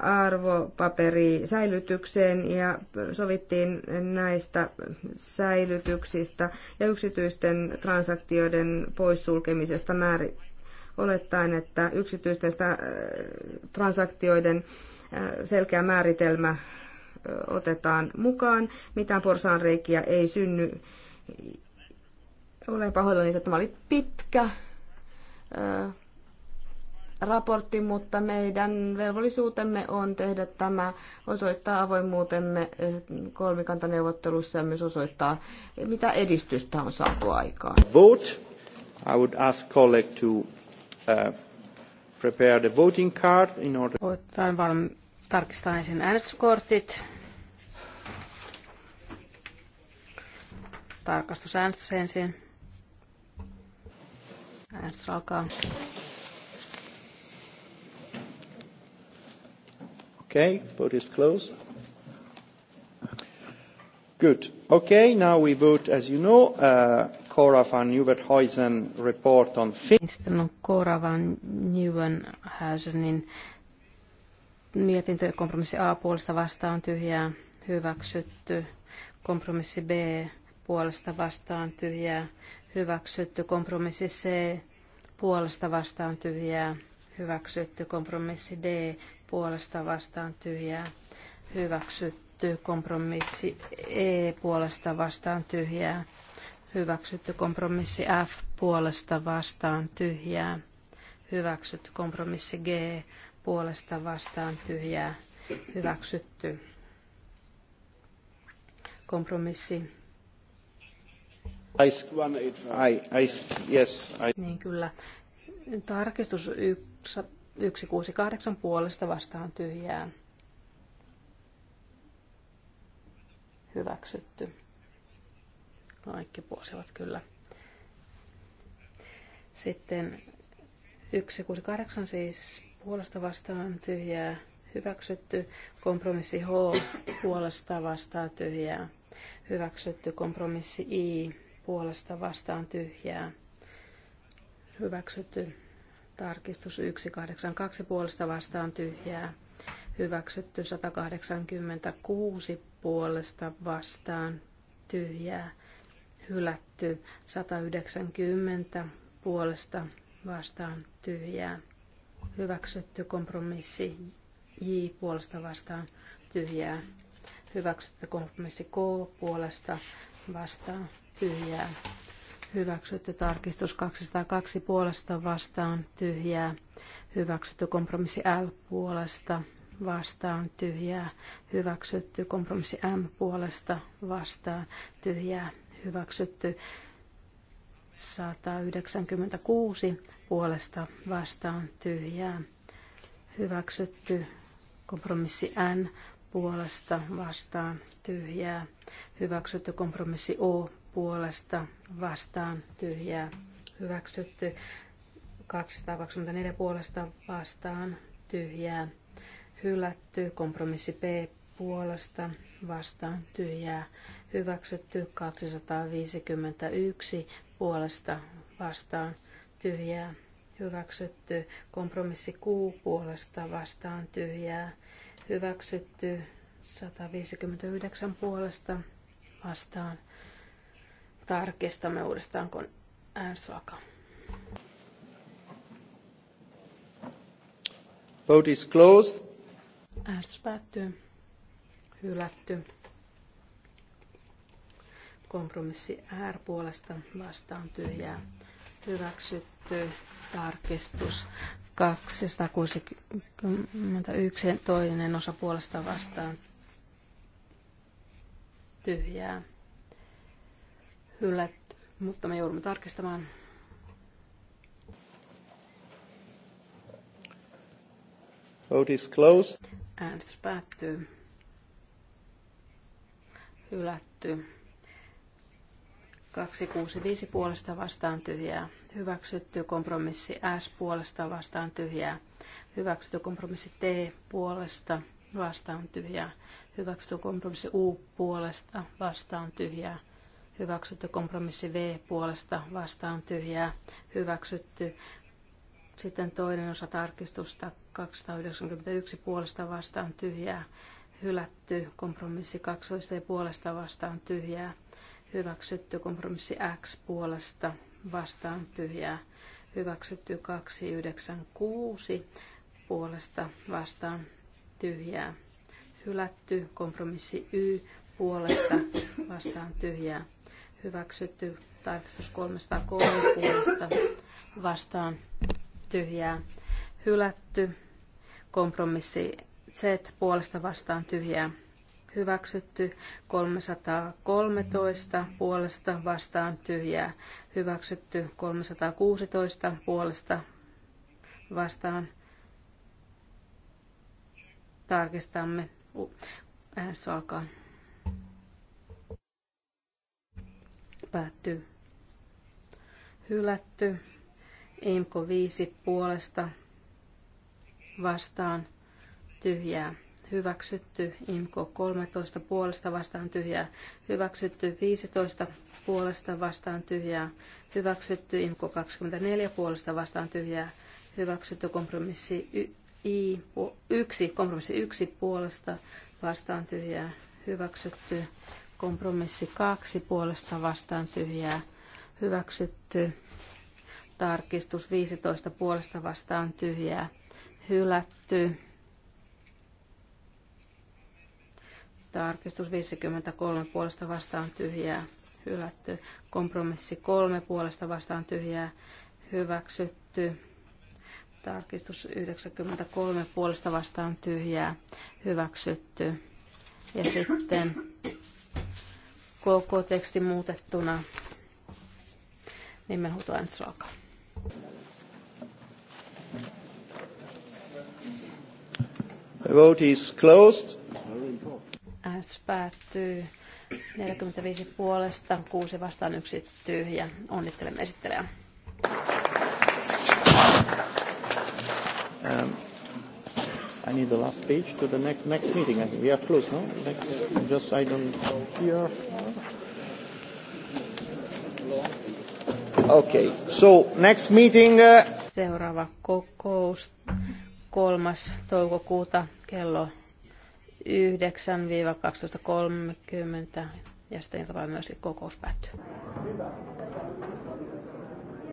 arvopaperisäilytykseen ja sovittiin näistä säilytyksistä ja yksityisten transaktioiden poissulkemisesta määrin olettaen, että yksityisten transaktioiden äh, selkeä määritelmä äh, otetaan mukaan. Mitään porsaanreikiä ei synny. Olen pahoillani, että tämä oli pitkä äh, raportti, mutta meidän velvollisuutemme on tehdä tämä, osoittaa avoimuutemme eh, kolmikantaneuvottelussa ja myös osoittaa, mitä edistystä on saatu aikaan. Vote. I would ask colleague to uh, prepare the voting card in order... Otan vaan tarkistaa ensin äänestyskortit. Tarkastusäänestys ensin. Äänestys alkaa. Okay, vote is closed. Good. Okay, now we vote, as you know, uh, Cora van Nieuwenhuizen report on Finland. Sitten Cora van Nieuwenhuizenin mietintö kompromissi A puolesta vastaan tyhjää hyväksytty. Kompromissi B puolesta vastaan tyhjää hyväksytty. Kompromissi C puolesta vastaan tyhjää hyväksytty. Kompromissi D puolesta vastaan tyhjää hyväksytty. Kompromissi E puolesta vastaan tyhjää hyväksytty. Kompromissi F puolesta vastaan tyhjää hyväksytty. Kompromissi G puolesta vastaan tyhjää hyväksytty. Kompromissi I, I, yes, I. Niin kyllä. Tarkistus yksi. 168 puolesta vastaan tyhjää. Hyväksytty. Kaikki puolsivat kyllä. Sitten 168 siis puolesta vastaan tyhjää. Hyväksytty. Kompromissi H puolesta vastaan tyhjää. Hyväksytty. Kompromissi I puolesta vastaan tyhjää. Hyväksytty Tarkistus 182 puolesta vastaan tyhjää. Hyväksytty 186 puolesta vastaan tyhjää. Hylätty 190 puolesta vastaan tyhjää. Hyväksytty kompromissi J puolesta vastaan tyhjää. Hyväksytty kompromissi K puolesta vastaan tyhjää hyväksytty tarkistus 202 puolesta vastaan tyhjää, hyväksytty kompromissi L puolesta vastaan tyhjää, hyväksytty kompromissi M puolesta vastaan tyhjää, hyväksytty 196 puolesta vastaan tyhjää, hyväksytty kompromissi N puolesta vastaan tyhjää, hyväksytty kompromissi O puolesta vastaan tyhjää hyväksytty. 224 puolesta vastaan tyhjää hylätty. Kompromissi B puolesta vastaan tyhjää hyväksytty. 251 puolesta vastaan tyhjää hyväksytty. Kompromissi Q puolesta vastaan tyhjää hyväksytty. 159 puolesta vastaan tarkistamme uudestaan, kun äänestys alkaa. Vote is closed. Äänestys päättyy. Hylätty. Kompromissi R puolesta vastaan tyhjää. Hyväksytty tarkistus 261 toinen osa puolesta vastaan tyhjää hylätty, mutta me joudumme tarkistamaan. Vote is closed. Äänestys päättyy. Hylätty. 265 puolesta vastaan tyhjää. Hyväksytty kompromissi S puolesta vastaan tyhjää. Hyväksytty kompromissi T puolesta vastaan tyhjää. Hyväksytty kompromissi U puolesta vastaan tyhjää hyväksytty kompromissi V puolesta vastaan tyhjää, hyväksytty. Sitten toinen osa tarkistusta 291 puolesta vastaan tyhjää, hylätty. Kompromissi 2 V puolesta vastaan tyhjää, hyväksytty. Kompromissi X puolesta vastaan tyhjää, hyväksytty 296 puolesta vastaan tyhjää, hylätty kompromissi Y puolesta vastaan tyhjää, hyväksytty tarkistus 330 vastaan tyhjää hylätty. Kompromissi Z puolesta vastaan tyhjää hyväksytty. 313 puolesta vastaan tyhjää hyväksytty. 316 puolesta vastaan tarkistamme. Äänestys alkaa. päättyy. Hylätty. Imko viisi puolesta vastaan tyhjää. Hyväksytty. Imko 13 puolesta vastaan tyhjää. Hyväksytty 15 puolesta vastaan tyhjää. Hyväksytty Imko 24 puolesta vastaan tyhjää. Hyväksytty kompromissi I, yksi, kompromissi yksi puolesta vastaan tyhjää hyväksytty. Kompromissi kaksi puolesta vastaan tyhjää hyväksytty. Tarkistus 15 puolesta vastaan tyhjää hylätty. Tarkistus 53 puolesta vastaan tyhjää hylätty. Kompromissi 3 puolesta vastaan tyhjää hyväksytty. Tarkistus 93 puolesta vastaan tyhjää hyväksytty. Ja sitten koko teksti muutettuna. Niin Nimenhuutoäänestys alkaa. The vote is closed. Äänestys päättyy 45 puolesta, 6 vastaan, 1 tyhjä. Onnittelemme esittelijää. Um. I need the last page to the next next meeting. I think we are close, no? Next, just I don't here. Okay. So next meeting. Uh... Seuraava kokous 3. toukokuuta kello 9-12.30 ja sitten iltapäivä myös kokous päättyy.